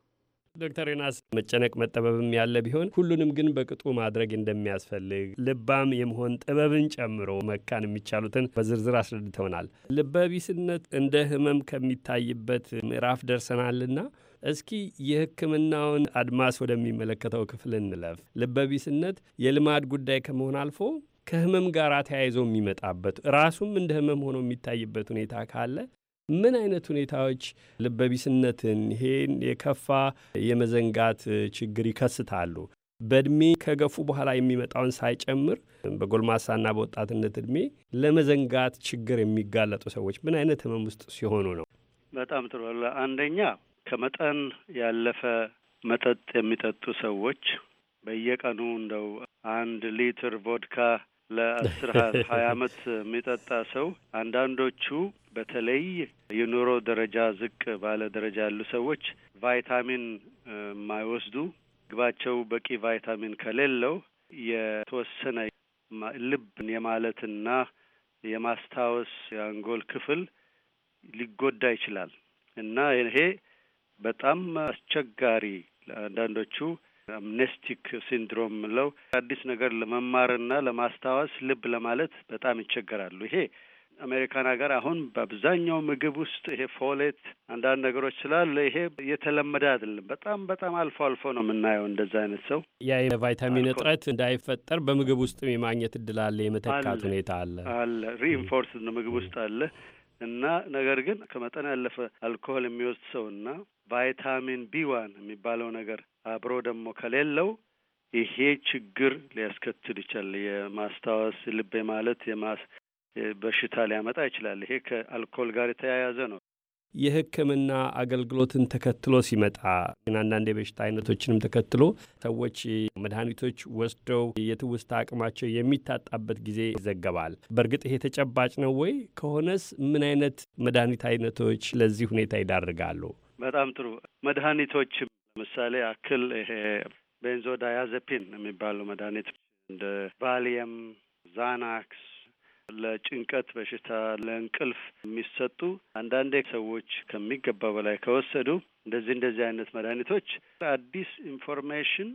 F: ዶክተር ዮናስ መጨነቅ መጠበብም ያለ ቢሆን ሁሉንም ግን በቅጡ ማድረግ እንደሚያስፈልግ ልባም የመሆን ጥበብን ጨምሮ መካን የሚቻሉትን በዝርዝር አስረድተውናል። ልበቢስነት እንደ ህመም ከሚታይበት ምዕራፍ ደርሰናልና እስኪ የሕክምናውን አድማስ ወደሚመለከተው ክፍል እንለፍ። ልበቢስነት የልማድ ጉዳይ ከመሆን አልፎ ከህመም ጋር ተያይዞ የሚመጣበት ራሱም እንደ ህመም ሆኖ የሚታይበት ሁኔታ ካለ ምን አይነት ሁኔታዎች ልበቢስነትን ይሄን የከፋ የመዘንጋት ችግር ይከስታሉ? በእድሜ ከገፉ በኋላ የሚመጣውን ሳይጨምር በጎልማሳና በወጣትነት እድሜ ለመዘንጋት ችግር የሚጋለጡ ሰዎች ምን አይነት ህመም ውስጥ ሲሆኑ ነው?
L: በጣም ጥሩ። አንደኛ ከመጠን ያለፈ መጠጥ የሚጠጡ ሰዎች በየቀኑ እንደው አንድ ሊትር ቮድካ ለአስር ሀያ አመት የሚጠጣ ሰው አንዳንዶቹ በተለይ የኑሮ ደረጃ ዝቅ ባለ ደረጃ ያሉ ሰዎች ቫይታሚን የማይወስዱ ምግባቸው በቂ ቫይታሚን ከሌለው የተወሰነ ልብን የማለትና የማስታወስ የአንጎል ክፍል ሊጎዳ ይችላል እና ይሄ በጣም አስቸጋሪ አንዳንዶቹ አምኔስቲክ ሲንድሮም ምለው አዲስ ነገር ለመማርና ለማስታወስ ልብ ለማለት በጣም ይቸገራሉ። ይሄ አሜሪካን ሀገር አሁን በአብዛኛው ምግብ ውስጥ ይሄ ፎሌት አንዳንድ ነገሮች ስላለ ይሄ የተለመደ አይደለም። በጣም በጣም አልፎ አልፎ ነው የምናየው እንደዛ አይነት ሰው።
F: ያ የቫይታሚን እጥረት እንዳይፈጠር በምግብ ውስጥ የማግኘት እድል አለ፣ የመተካት ሁኔታ አለ
L: አለ ሪኢንፎርስ ምግብ ውስጥ አለ እና ነገር ግን ከመጠን ያለፈ አልኮሆል የሚወስድ ሰው እና ቫይታሚን ቢዋን የሚባለው ነገር አብሮ ደግሞ ከሌለው ይሄ ችግር ሊያስከትል ይችላል። የማስታወስ ልቤ ማለት የማስ በሽታ ሊያመጣ ይችላል። ይሄ ከአልኮል ጋር የተያያዘ ነው።
F: የሕክምና አገልግሎትን ተከትሎ ሲመጣ ግን አንዳንድ የበሽታ አይነቶችንም ተከትሎ ሰዎች መድኃኒቶች ወስደው የትውስታ አቅማቸው የሚታጣበት ጊዜ ይዘገባል። በእርግጥ ይሄ ተጨባጭ ነው ወይ? ከሆነስ ምን አይነት መድኃኒት አይነቶች ለዚህ ሁኔታ ይዳርጋሉ?
L: በጣም ጥሩ መድኃኒቶች ለምሳሌ አክል ይሄ ቤንዞ ዳያዘፒን የሚባለው መድኃኒት እንደ ቫሊየም፣ ዛናክስ ለጭንቀት በሽታ ለእንቅልፍ የሚሰጡ አንዳንዴ ሰዎች ከሚገባ በላይ ከወሰዱ እንደዚህ እንደዚህ አይነት መድኃኒቶች አዲስ ኢንፎርሜሽን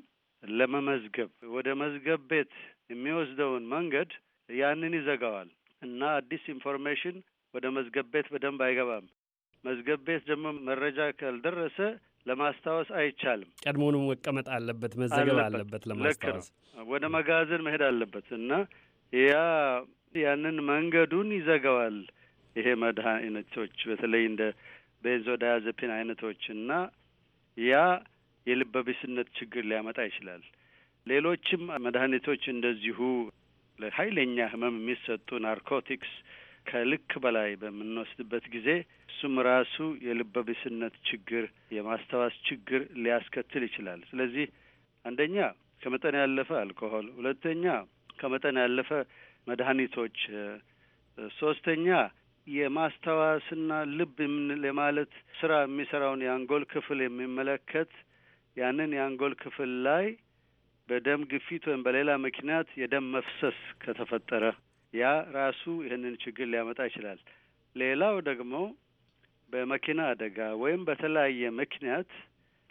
L: ለመመዝገብ ወደ መዝገብ ቤት የሚወስደውን መንገድ ያንን ይዘጋዋል እና አዲስ ኢንፎርሜሽን ወደ መዝገብ ቤት በደንብ አይገባም። መዝገብ ቤት ደግሞ መረጃ ካልደረሰ ለማስታወስ አይቻልም።
F: ቀድሞውንም መቀመጥ
L: አለበት፣ መዘገብ አለበት ለማስታወስ ወደ መጋዘን መሄድ አለበት እና ያ ያንን መንገዱን ይዘጋዋል። ይሄ መድኃኒቶች በተለይ እንደ ቤንዞ ዳያዘፒን አይነቶች እና ያ የልበቢስነት ችግር ሊያመጣ ይችላል። ሌሎችም መድኃኒቶች እንደዚሁ ለኃይለኛ ህመም የሚሰጡ ናርኮቲክስ ከልክ በላይ በምንወስድበት ጊዜ እሱም ራሱ የልበብስነት ችግር፣ የማስታወስ ችግር ሊያስከትል ይችላል። ስለዚህ አንደኛ ከመጠን ያለፈ አልኮሆል፣ ሁለተኛ ከመጠን ያለፈ መድኃኒቶች፣ ሶስተኛ የማስታወስና ልብ የማለት ስራ የሚሰራውን የአንጎል ክፍል የሚመለከት ያንን የአንጎል ክፍል ላይ በደም ግፊት ወይም በሌላ ምክንያት የደም መፍሰስ ከተፈጠረ ያ ራሱ ይህንን ችግር ሊያመጣ ይችላል። ሌላው ደግሞ በመኪና አደጋ ወይም በተለያየ ምክንያት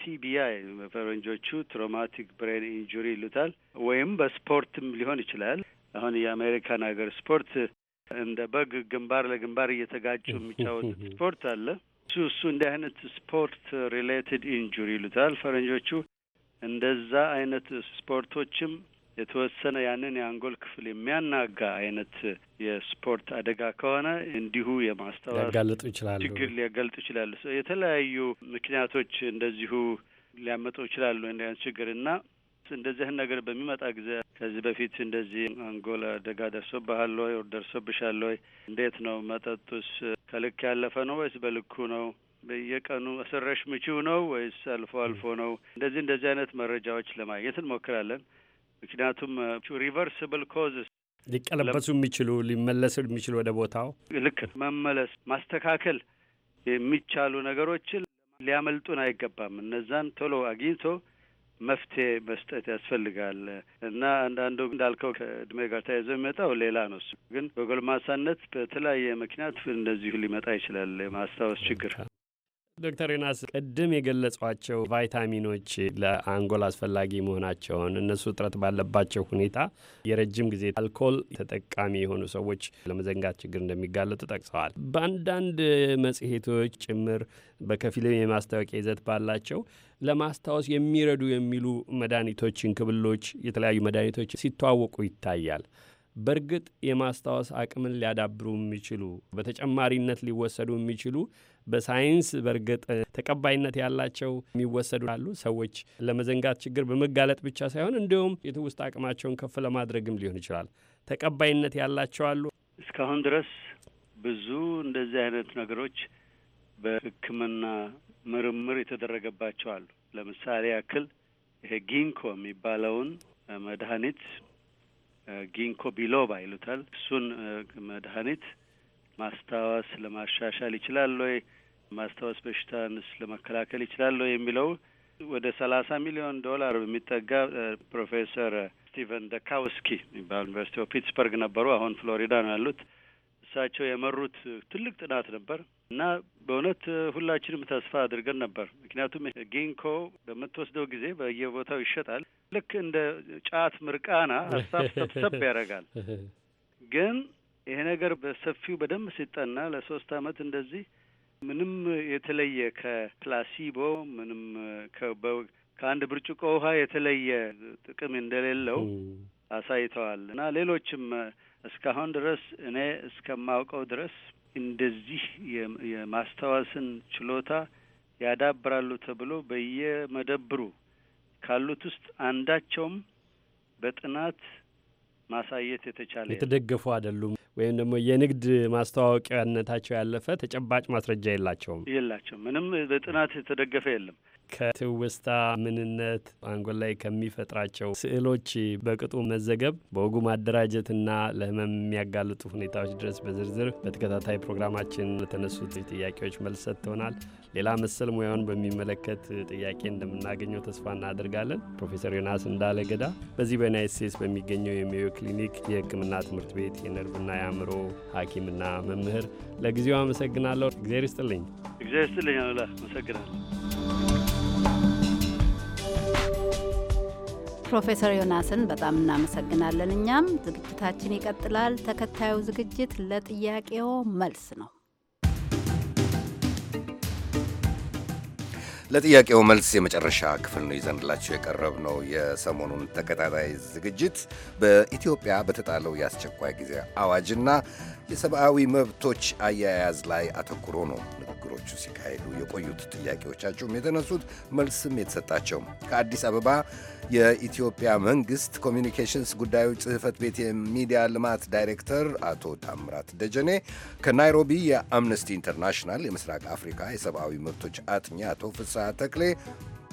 L: ቲቢአይ በፈረንጆቹ ትሮማቲክ ብሬን ኢንጁሪ ይሉታል። ወይም በስፖርትም ሊሆን ይችላል። አሁን የአሜሪካን ሀገር ስፖርት እንደ በግ ግንባር ለግንባር እየተጋጩ የሚጫወቱት ስፖርት አለ። እሱ እሱ እንዲህ አይነት ስፖርት ሪሌትድ ኢንጁሪ ይሉታል ፈረንጆቹ። እንደዛ አይነት ስፖርቶችም የተወሰነ ያንን የአንጎል ክፍል የሚያናጋ አይነት የስፖርት አደጋ ከሆነ እንዲሁ የማስታወስ ይችላሉ ችግር ሊያጋልጡ ይችላሉ። የተለያዩ ምክንያቶች እንደዚሁ ሊያመጡ ይችላሉ እንዲያን ችግር እና እንደዚህን ነገር በሚመጣ ጊዜ ከዚህ በፊት እንደዚህ አንጎል አደጋ ደርሶብሃል ወይ ደርሶብሻል ወይ? እንዴት ነው? መጠጡስ ከልክ ያለፈ ነው ወይስ በልኩ ነው? በየቀኑ እስረሽ ምቺው ነው ወይስ አልፎ አልፎ ነው? እንደዚህ እንደዚህ አይነት መረጃዎች ለማግኘት እንሞክራለን። ምክንያቱም ሪቨርስብል uh, ኮዝስ
F: ሊቀለበሱ የሚችሉ ሊመለሱ የሚችሉ ወደ ቦታው
L: ልክ መመለስ ማስተካከል የሚቻሉ ነገሮችን ሊያመልጡን አይገባም። እነዛን ቶሎ አግኝቶ መፍትሄ መስጠት ያስፈልጋል እና አንዳንዱ እንዳልከው ከእድሜ ጋር ተያይዞ የሚመጣው ሌላ ነው። እሱ ግን በጎልማሳነት በተለያየ ምክንያት እንደዚሁ ሊመጣ ይችላል። የማስታወስ ችግር
F: ዶክተር ዮናስ ቅድም የገለጿቸው ቫይታሚኖች ለአንጎል አስፈላጊ መሆናቸውን እነሱ እጥረት ባለባቸው ሁኔታ የረጅም ጊዜ አልኮል ተጠቃሚ የሆኑ ሰዎች ለመዘንጋት ችግር እንደሚጋለጡ ጠቅሰዋል። በአንዳንድ መጽሔቶች ጭምር በከፊልም የማስታወቂያ ይዘት ባላቸው ለማስታወስ የሚረዱ የሚሉ መድኃኒቶችን፣ እንክብሎች፣ የተለያዩ መድኃኒቶች ሲተዋወቁ ይታያል። በእርግጥ የማስታወስ አቅምን ሊያዳብሩ የሚችሉ በተጨማሪነት ሊወሰዱ የሚችሉ በሳይንስ በእርግጥ ተቀባይነት ያላቸው የሚወሰዱ አሉ። ሰዎች ለመዘንጋት ችግር በመጋለጥ ብቻ ሳይሆን እንዲሁም የትውስጥ አቅማቸውን ከፍ ለማድረግም ሊሆን ይችላል። ተቀባይነት ያላቸው አሉ።
L: እስካሁን ድረስ ብዙ እንደዚህ አይነት ነገሮች በሕክምና ምርምር የተደረገባቸው አሉ። ለምሳሌ ያክል ይሄ ጊንኮ የሚባለውን መድኃኒት ጊንኮ ቢሎባ ይሉታል። እሱን መድኃኒት ማስታወስ ለማሻሻል ይችላል ወይ ማስታወስ በሽታንስ ለመከላከል ይችላል ወይ የሚለው ወደ ሰላሳ ሚሊዮን ዶላር የሚጠጋ ፕሮፌሰር ስቲቨን ደካውስኪ የሚባሉ ዩኒቨርሲቲ ኦፍ ፒትስበርግ ነበሩ። አሁን ፍሎሪዳ ነው ያሉት። እሳቸው የመሩት ትልቅ ጥናት ነበር እና በእውነት ሁላችንም ተስፋ አድርገን ነበር። ምክንያቱም ጊንኮ በምትወስደው ጊዜ በየቦታው ይሸጣል። ልክ እንደ ጫት ምርቃና ሀሳብ ሰብሰብ ያደርጋል። ግን ይሄ ነገር በሰፊው በደንብ ሲጠና ለሶስት አመት እንደዚህ ምንም የተለየ ከፕላሲቦ ምንም ከአንድ ብርጭቆ ውሃ የተለየ ጥቅም እንደሌለው አሳይተዋል እና ሌሎችም እስካሁን ድረስ እኔ እስከማውቀው ድረስ እንደዚህ የማስታወስን ችሎታ ያዳብራሉ ተብሎ በየመደብሩ ካሉት ውስጥ አንዳቸውም በጥናት ማሳየት የተቻለ የተደገፉ
F: አይደሉም፣ ወይም ደግሞ የንግድ ማስተዋወቂያነታቸው ያለፈ ተጨባጭ ማስረጃ የላቸውም
L: የላቸው ምንም በጥናት የተደገፈ የለም።
F: ከትውስታ ምንነት አንጎል ላይ ከሚፈጥራቸው ስዕሎች በቅጡ መዘገብ በወጉ ማደራጀትና ለህመም የሚያጋልጡ ሁኔታዎች ድረስ በዝርዝር በተከታታይ ፕሮግራማችን ለተነሱት ጥያቄዎች መልስ ሰጥተውናል። ሌላ መሰል ሙያውን በሚመለከት ጥያቄ እንደምናገኘው ተስፋ እናደርጋለን። ፕሮፌሰር ዮናስ እንዳለ ገዳ በዚህ በዩናይት ስቴትስ በሚገኘው የሜዮ ክሊኒክ የህክምና ትምህርት ቤት የነርቭና የአእምሮ ሐኪምና መምህር፣ ለጊዜው አመሰግናለሁ። እግዜር ይስጥልኝ።
L: እግዜር ይስጥልኝ። አሉላ አመሰግናለሁ።
B: ፕሮፌሰር ዮናስን በጣም እናመሰግናለን። እኛም ዝግጅታችን ይቀጥላል። ተከታዩ ዝግጅት ለጥያቄው መልስ ነው።
A: ለጥያቄው መልስ የመጨረሻ ክፍል ነው ይዘንላቸው የቀረብ ነው። የሰሞኑን ተከታታይ ዝግጅት በኢትዮጵያ በተጣለው የአስቸኳይ ጊዜ አዋጅና የሰብአዊ መብቶች አያያዝ ላይ አተኩሮ ነው ንግግሮቹ ሲካሄዱ የቆዩት። ጥያቄዎቻችሁም የተነሱት መልስም የተሰጣቸው ከአዲስ አበባ የኢትዮጵያ መንግስት ኮሚኒኬሽንስ ጉዳዮች ጽህፈት ቤት የሚዲያ ልማት ዳይሬክተር አቶ ታምራት ደጀኔ፣ ከናይሮቢ የአምነስቲ ኢንተርናሽናል የምስራቅ አፍሪካ የሰብአዊ መብቶች አጥኚ አቶ ፍሳ ተክሌ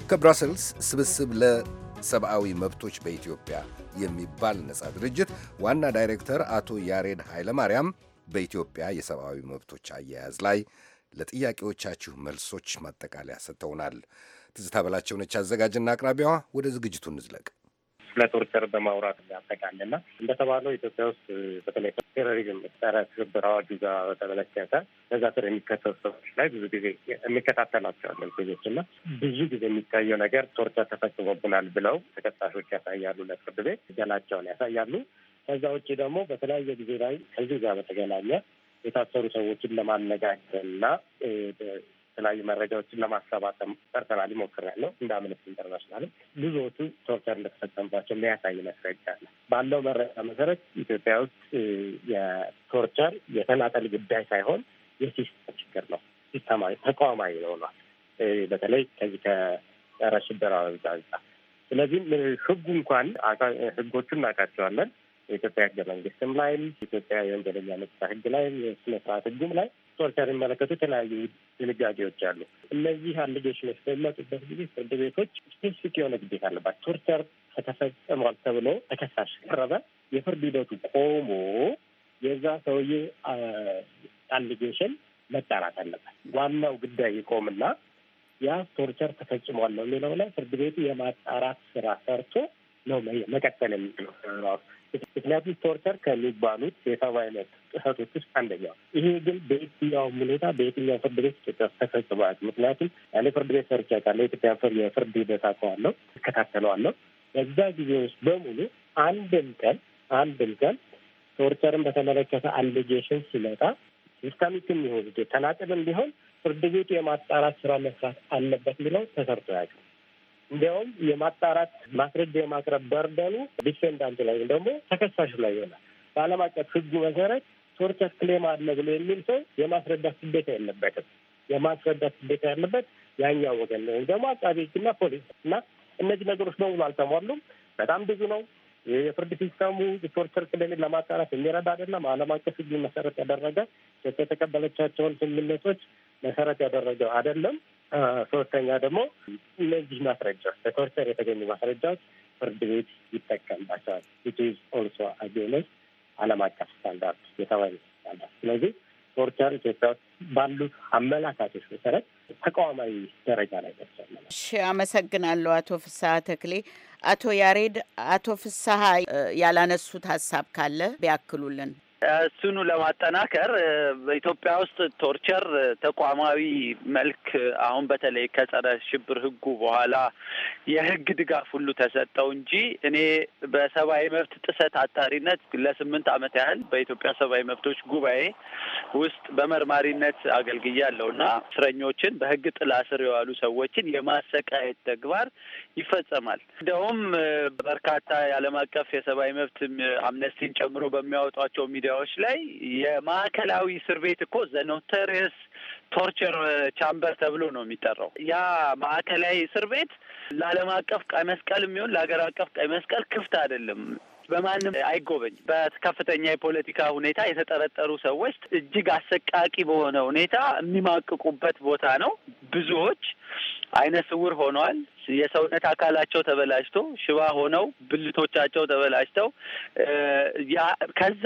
A: ከብራሰልስ ስብስብ ለሰብአዊ መብቶች በኢትዮጵያ የሚባል ነጻ ድርጅት ዋና ዳይሬክተር አቶ ያሬድ ኃይለማርያም በኢትዮጵያ የሰብአዊ መብቶች አያያዝ ላይ ለጥያቄዎቻችሁ መልሶች ማጠቃለያ ሰጥተውናል። ትዝታ በላቸው ነች አዘጋጅና አቅራቢዋ። ወደ ዝግጅቱ እንዝለቅ።
M: ስለ ቶርቸር በማውራት ያጠቃል እና እንደተባለው ኢትዮጵያ ውስጥ በተለይ ቴሮሪዝም ጸረ ትብብር አዋጁ ጋር በተመለከተ በዛ ስር የሚከሰሱ ሰዎች ላይ ብዙ ጊዜ የሚከታተላቸዋለን ዜጎች እና ብዙ ጊዜ የሚታየው ነገር ቶርቸር ተፈጽሞብናል ብለው ተከሳሾች ያሳያሉ፣ ለፍርድ ቤት ገላቸውን ያሳያሉ። ከዛ ውጭ ደግሞ በተለያየ ጊዜ ላይ ከዚህ ጋር በተገናኘ የታሰሩ ሰዎችን ለማነጋገር እና የተለያዩ መረጃዎችን ለማሰባሰብ ፐርሰናሊ ሞክሬያለሁ። እንደ አምነስቲ ኢንተርናሽናልም ብዙዎቹ ቶርቸር እንደተፈጸምባቸው የሚያሳይ ማስረጃ አለ። ባለው መረጃ መሰረት ኢትዮጵያ ውስጥ የቶርቸር የተናጠል ጉዳይ ሳይሆን የሲስተም ችግር ነው። ሲስተማዊ ተቋማዊ ነው ኗል በተለይ ከዚህ ከጸረ ሽብር አዋጅ አንጻር ስለዚህም ህጉ እንኳን ህጎቹ እናውቃቸዋለን። የኢትዮጵያ ህገ መንግስትም ላይም ኢትዮጵያ የወንጀለኛ መቅጫ ህግ ላይም የስነ ስርዓት ህጉም ላይ ቶርቸር የሚመለከቱ የተለያዩ ድንጋጌዎች አሉ። እነዚህ አሊጌሽኖች በሚመጡበት ጊዜ ፍርድ ቤቶች ስፔሲፊክ የሆነ ግዴታ አለባት ቶርቸር ከተፈጸሟል ተብሎ ተከሳሽ ቀረበ፣ የፍርድ ሂደቱ ቆሞ የዛ ሰውዬ አሊጌሽን መጣራት አለበት። ዋናው ጉዳይ ይቆምና ያ ቶርቸር ተፈጽሟል ነው የሚለው ላይ ፍርድ ቤቱ የማጣራት ስራ ሰርቶ ነው መቀጠል የሚለው ምክንያቱም ቶርቸር ከሚባሉት የሰብ አይነት ጥሰቶች ውስጥ አንደኛው። ይሄ ግን በየትኛውም ሁኔታ በየትኛው ፍርድ ቤት ኢትዮጵያ ውስጥ ተፈጽሟል። ምክንያቱም ያለ ፍርድ ቤት ሰርቼ አውቃለሁ። የኢትዮጵያ ፍር የፍርድ ሂደት አውቀዋለሁ፣ እከታተለዋለሁ። በዛ ጊዜ ውስጥ በሙሉ አንድም ቀን አንድም ቀን ቶርቸርን በተመለከተ አሌጌሽን ሲመጣ ሲስተሚክም ይሁን ተናጥልም ቢሆን ፍርድ ቤቱ የማጣራት ስራ መስራት አለበት የሚለው ተሰርቶ ያውቃል። እንዲያውም የማጣራት ማስረጃ የማቅረብ በርደኑ ዲፌንዳንት ላይ ወይም ደግሞ ተከሳሹ ላይ ይሆናል። በዓለም አቀፍ ሕጉ መሰረት ቶርቸር ክሌም አለ ብሎ የሚል ሰው የማስረዳት ግዴታ የለበትም። የማስረዳት ግዴታ ያለበት ያኛው ወገን ነው፣ ወይም ደግሞ አቃቤ ሕግና ፖሊስ እና እነዚህ ነገሮች በሙሉ አልተሟሉም። በጣም ብዙ ነው። የፍርድ ሲስተሙ ቶርቸር ክሌም ለማጣራት የሚረዳ አይደለም። ዓለም አቀፍ ሕግ መሰረት ያደረገ የተቀበለቻቸውን ስምምነቶች መሰረት ያደረገ አይደለም። ሶስተኛ ደግሞ እነዚህ ማስረጃዎች በቶርቸር የተገኙ ማስረጃዎች ፍርድ ቤት ይጠቀምባቸዋል። ዊች ኢዝ ኦልሶ ዓለም አቀፍ ስታንዳርድ የሰብአዊ ስታንዳርድ። ስለዚህ ቶርቸር ኢትዮጵያ ውስጥ ባሉት አመላካቾች መሰረት ተቃዋማዊ ደረጃ ላይ ደርሷል።
N: እሺ፣ አመሰግናለሁ አቶ ፍስሀ ተክሌ። አቶ ያሬድ፣ አቶ ፍስሀ ያላነሱት ሀሳብ ካለ ቢያክሉልን።
O: እሱኑ ለማጠናከር በኢትዮጵያ ውስጥ ቶርቸር ተቋማዊ መልክ አሁን በተለይ ከጸረ ሽብር ህጉ በኋላ የህግ ድጋፍ ሁሉ ተሰጠው እንጂ እኔ በሰብአዊ መብት ጥሰት አጣሪነት ለስምንት ዓመት ያህል በኢትዮጵያ ሰብአዊ መብቶች ጉባኤ ውስጥ በመርማሪነት አገልግያለሁ እና እስረኞችን በህግ ጥላ ስር የዋሉ ሰዎችን የማሰቃየት ተግባር ይፈጸማል። እንደውም በርካታ የዓለም አቀፍ የሰብአዊ መብት አምነስቲን ጨምሮ በሚያወጧቸው ሚዲ ሚዲያዎች ላይ የማዕከላዊ እስር ቤት እኮ ዘኖተሪየስ ቶርቸር ቻምበር ተብሎ ነው የሚጠራው። ያ ማዕከላዊ እስር ቤት ለዓለም አቀፍ ቀይ መስቀል የሚሆን ለሀገር አቀፍ ቀይ መስቀል ክፍት አይደለም። በማንም አይጎበኝም። በከፍተኛ የፖለቲካ ሁኔታ የተጠረጠሩ ሰዎች እጅግ አሰቃቂ በሆነ ሁኔታ የሚማቅቁበት ቦታ ነው። ብዙዎች አይነ ስውር ሆነዋል። የሰውነት አካላቸው ተበላሽቶ ሽባ ሆነው ብልቶቻቸው ተበላሽተው ከዛ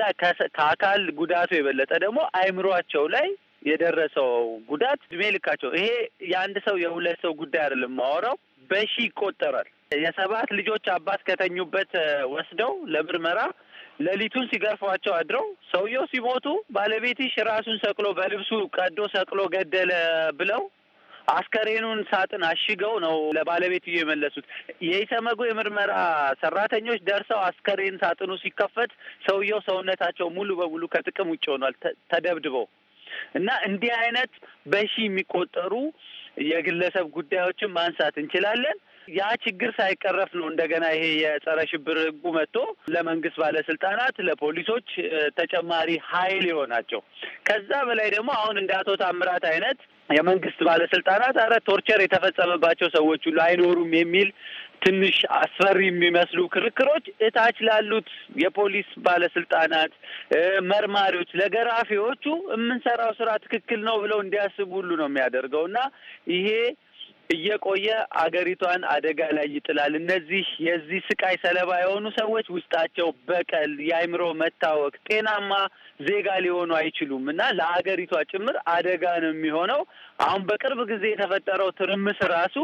O: ከአካል ጉዳቱ የበለጠ ደግሞ አይምሯቸው ላይ የደረሰው ጉዳት እድሜ ልካቸው። ይሄ የአንድ ሰው የሁለት ሰው ጉዳይ አይደለም። ማወራው በሺ ይቆጠራል። የሰባት ልጆች አባት ከተኙበት ወስደው ለምርመራ ሌሊቱን ሲገርፏቸው አድረው ሰውየው ሲሞቱ ባለቤትሽ ራሱን ሰቅሎ በልብሱ ቀዶ ሰቅሎ ገደለ ብለው አስከሬኑን ሳጥን አሽገው ነው ለባለቤትዮ የመለሱት። የኢሰመጉ የምርመራ ሰራተኞች ደርሰው አስከሬን ሳጥኑ ሲከፈት ሰውየው ሰውነታቸው ሙሉ በሙሉ ከጥቅም ውጭ ሆኗል ተደብድበው እና እንዲህ አይነት በሺ የሚቆጠሩ የግለሰብ ጉዳዮችን ማንሳት እንችላለን። ያ ችግር ሳይቀረፍ ነው እንደገና ይሄ የጸረ ሽብር ህጉ መጥቶ ለመንግስት ባለስልጣናት፣ ለፖሊሶች ተጨማሪ ኃይል የሆናቸው ከዛ በላይ ደግሞ አሁን እንደ አቶ ታምራት አይነት የመንግስት ባለስልጣናት አረ ቶርቸር የተፈጸመባቸው ሰዎች ሁሉ አይኖሩም የሚል ትንሽ አስፈሪ የሚመስሉ ክርክሮች እታች ላሉት የፖሊስ ባለስልጣናት፣ መርማሪዎች፣ ለገራፊዎቹ የምንሰራው ስራ ትክክል ነው ብለው እንዲያስቡ ሁሉ ነው የሚያደርገው እና ይሄ እየቆየ አገሪቷን አደጋ ላይ ይጥላል። እነዚህ የዚህ ስቃይ ሰለባ የሆኑ ሰዎች ውስጣቸው በቀል፣ የአይምሮ መታወክ፣ ጤናማ ዜጋ ሊሆኑ አይችሉም እና ለአገሪቷ ጭምር አደጋ ነው የሚሆነው። አሁን በቅርብ ጊዜ የተፈጠረው ትርምስ ራሱ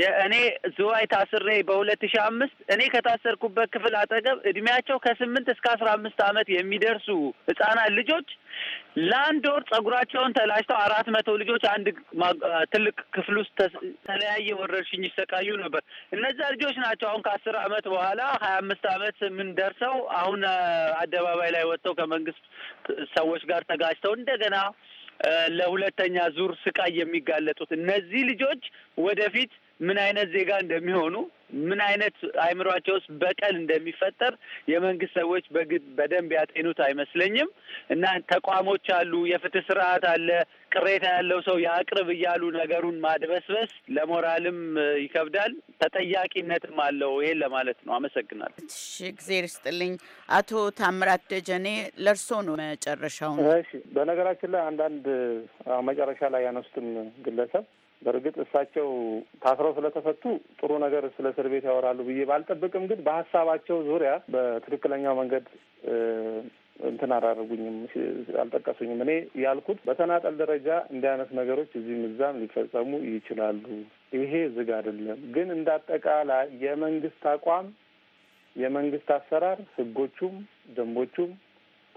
O: የእኔ ዝዋይ ታስሬ በሁለት ሺህ አምስት እኔ ከታሰርኩበት ክፍል አጠገብ እድሜያቸው ከስምንት እስከ አስራ አምስት ዓመት የሚደርሱ ህጻናት ልጆች ለአንድ ወር ጸጉራቸውን ተላጭተው አራት መቶ ልጆች አንድ ትልቅ ክፍል ውስጥ ተለያየ ወረርሽኝ ይሰቃዩ ነበር። እነዛ ልጆች ናቸው አሁን ከአስር አመት በኋላ ሀያ አምስት አመት ምን ደርሰው አሁን አደባባይ ላይ ወጥተው ከመንግስት ሰዎች ጋር ተጋጭተው እንደገና ለሁለተኛ ዙር ስቃይ የሚጋለጡት እነዚህ ልጆች ወደፊት ምን አይነት ዜጋ እንደሚሆኑ ምን አይነት አይምሯቸው ውስጥ በቀል እንደሚፈጠር የመንግስት ሰዎች በግድ በደንብ ያጤኑት አይመስለኝም። እና ተቋሞች አሉ፣ የፍትህ ስርዓት አለ፣ ቅሬታ ያለው ሰው የአቅርብ እያሉ ነገሩን ማድበስበስ ለሞራልም ይከብዳል፣ ተጠያቂነትም አለው። ይሄን ለማለት ነው። አመሰግናለሁ። እሺ፣
N: እግዜር ይስጥልኝ። አቶ ታምራት ደጀኔ ለእርሶ ነው መጨረሻውን። እሺ፣ በነገራችን ላይ አንዳንድ መጨረሻ ላይ ያነሱትን
P: ግለሰብ በእርግጥ እሳቸው ታስረው ስለተፈቱ ጥሩ ነገር ስለ እስር ቤት ያወራሉ ብዬ ባልጠብቅም፣ ግን በሀሳባቸው ዙሪያ በትክክለኛው መንገድ እንትን አላደረጉኝም፣ አልጠቀሱኝም። እኔ ያልኩት በተናጠል ደረጃ እንዲህ አይነት ነገሮች እዚህም እዛም ሊፈጸሙ ይችላሉ። ይሄ ዝግ አይደለም። ግን እንደ አጠቃላይ የመንግስት አቋም የመንግስት አሰራር ህጎቹም፣ ደንቦቹም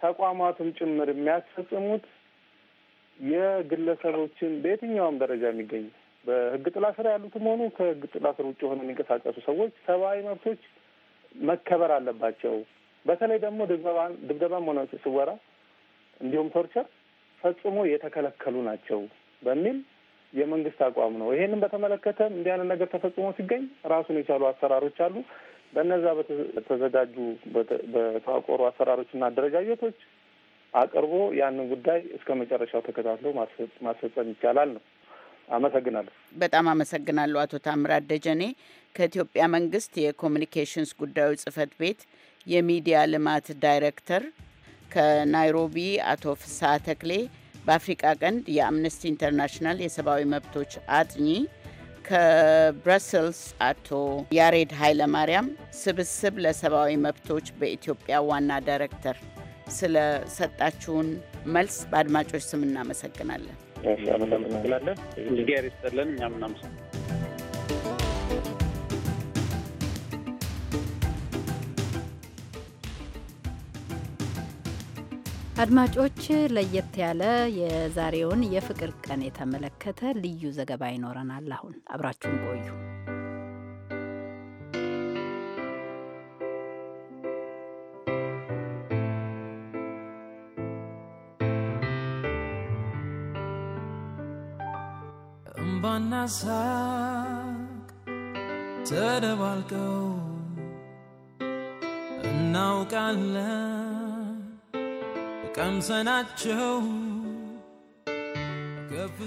P: ተቋማቱም ጭምር የሚያስፈጽሙት የግለሰቦችን በየትኛውም ደረጃ የሚገኝ በህግ ጥላ ስር ያሉትም ሆኑ ከህግ ጥላ ስር ውጭ የሆነ የሚንቀሳቀሱ ሰዎች ሰብአዊ መብቶች መከበር አለባቸው። በተለይ ደግሞ ድብደባም ሆነ ስወራ እንዲሁም ቶርቸር ፈጽሞ የተከለከሉ ናቸው በሚል የመንግስት አቋም ነው። ይሄንን በተመለከተ እንዲህ አይነት ነገር ተፈጽሞ ሲገኝ ራሱን የቻሉ አሰራሮች አሉ። በነዛ በተዘጋጁ በተዋቆሩ አሰራሮችና አደረጃጀቶች አቅርቦ ያንን ጉዳይ እስከ መጨረሻው ተከታትሎ ማስፈጸም ይቻላል ነው። አመሰግናለሁ።
N: በጣም አመሰግናለሁ አቶ ታምራት ደጀኔ ከኢትዮጵያ መንግስት የኮሚኒኬሽንስ ጉዳዮች ጽህፈት ቤት የሚዲያ ልማት ዳይሬክተር፣ ከናይሮቢ አቶ ፍስሐ ተክሌ በአፍሪቃ ቀንድ የአምነስቲ ኢንተርናሽናል የሰብአዊ መብቶች አጥኚ፣ ከብረስልስ አቶ ያሬድ ኃይለማርያም ስብስብ ለሰብአዊ መብቶች በኢትዮጵያ ዋና ዳይሬክተር ስለሰጣችሁን መልስ በአድማጮች ስም እናመሰግናለን።
B: አድማጮች ለየት ያለ የዛሬውን የፍቅር ቀን የተመለከተ ልዩ ዘገባ ይኖረናል። አሁን አብራችሁን ቆዩ።
O: ሳቅ ተደባልቀው እናውቃለን ቀምሰናቸው ከፍ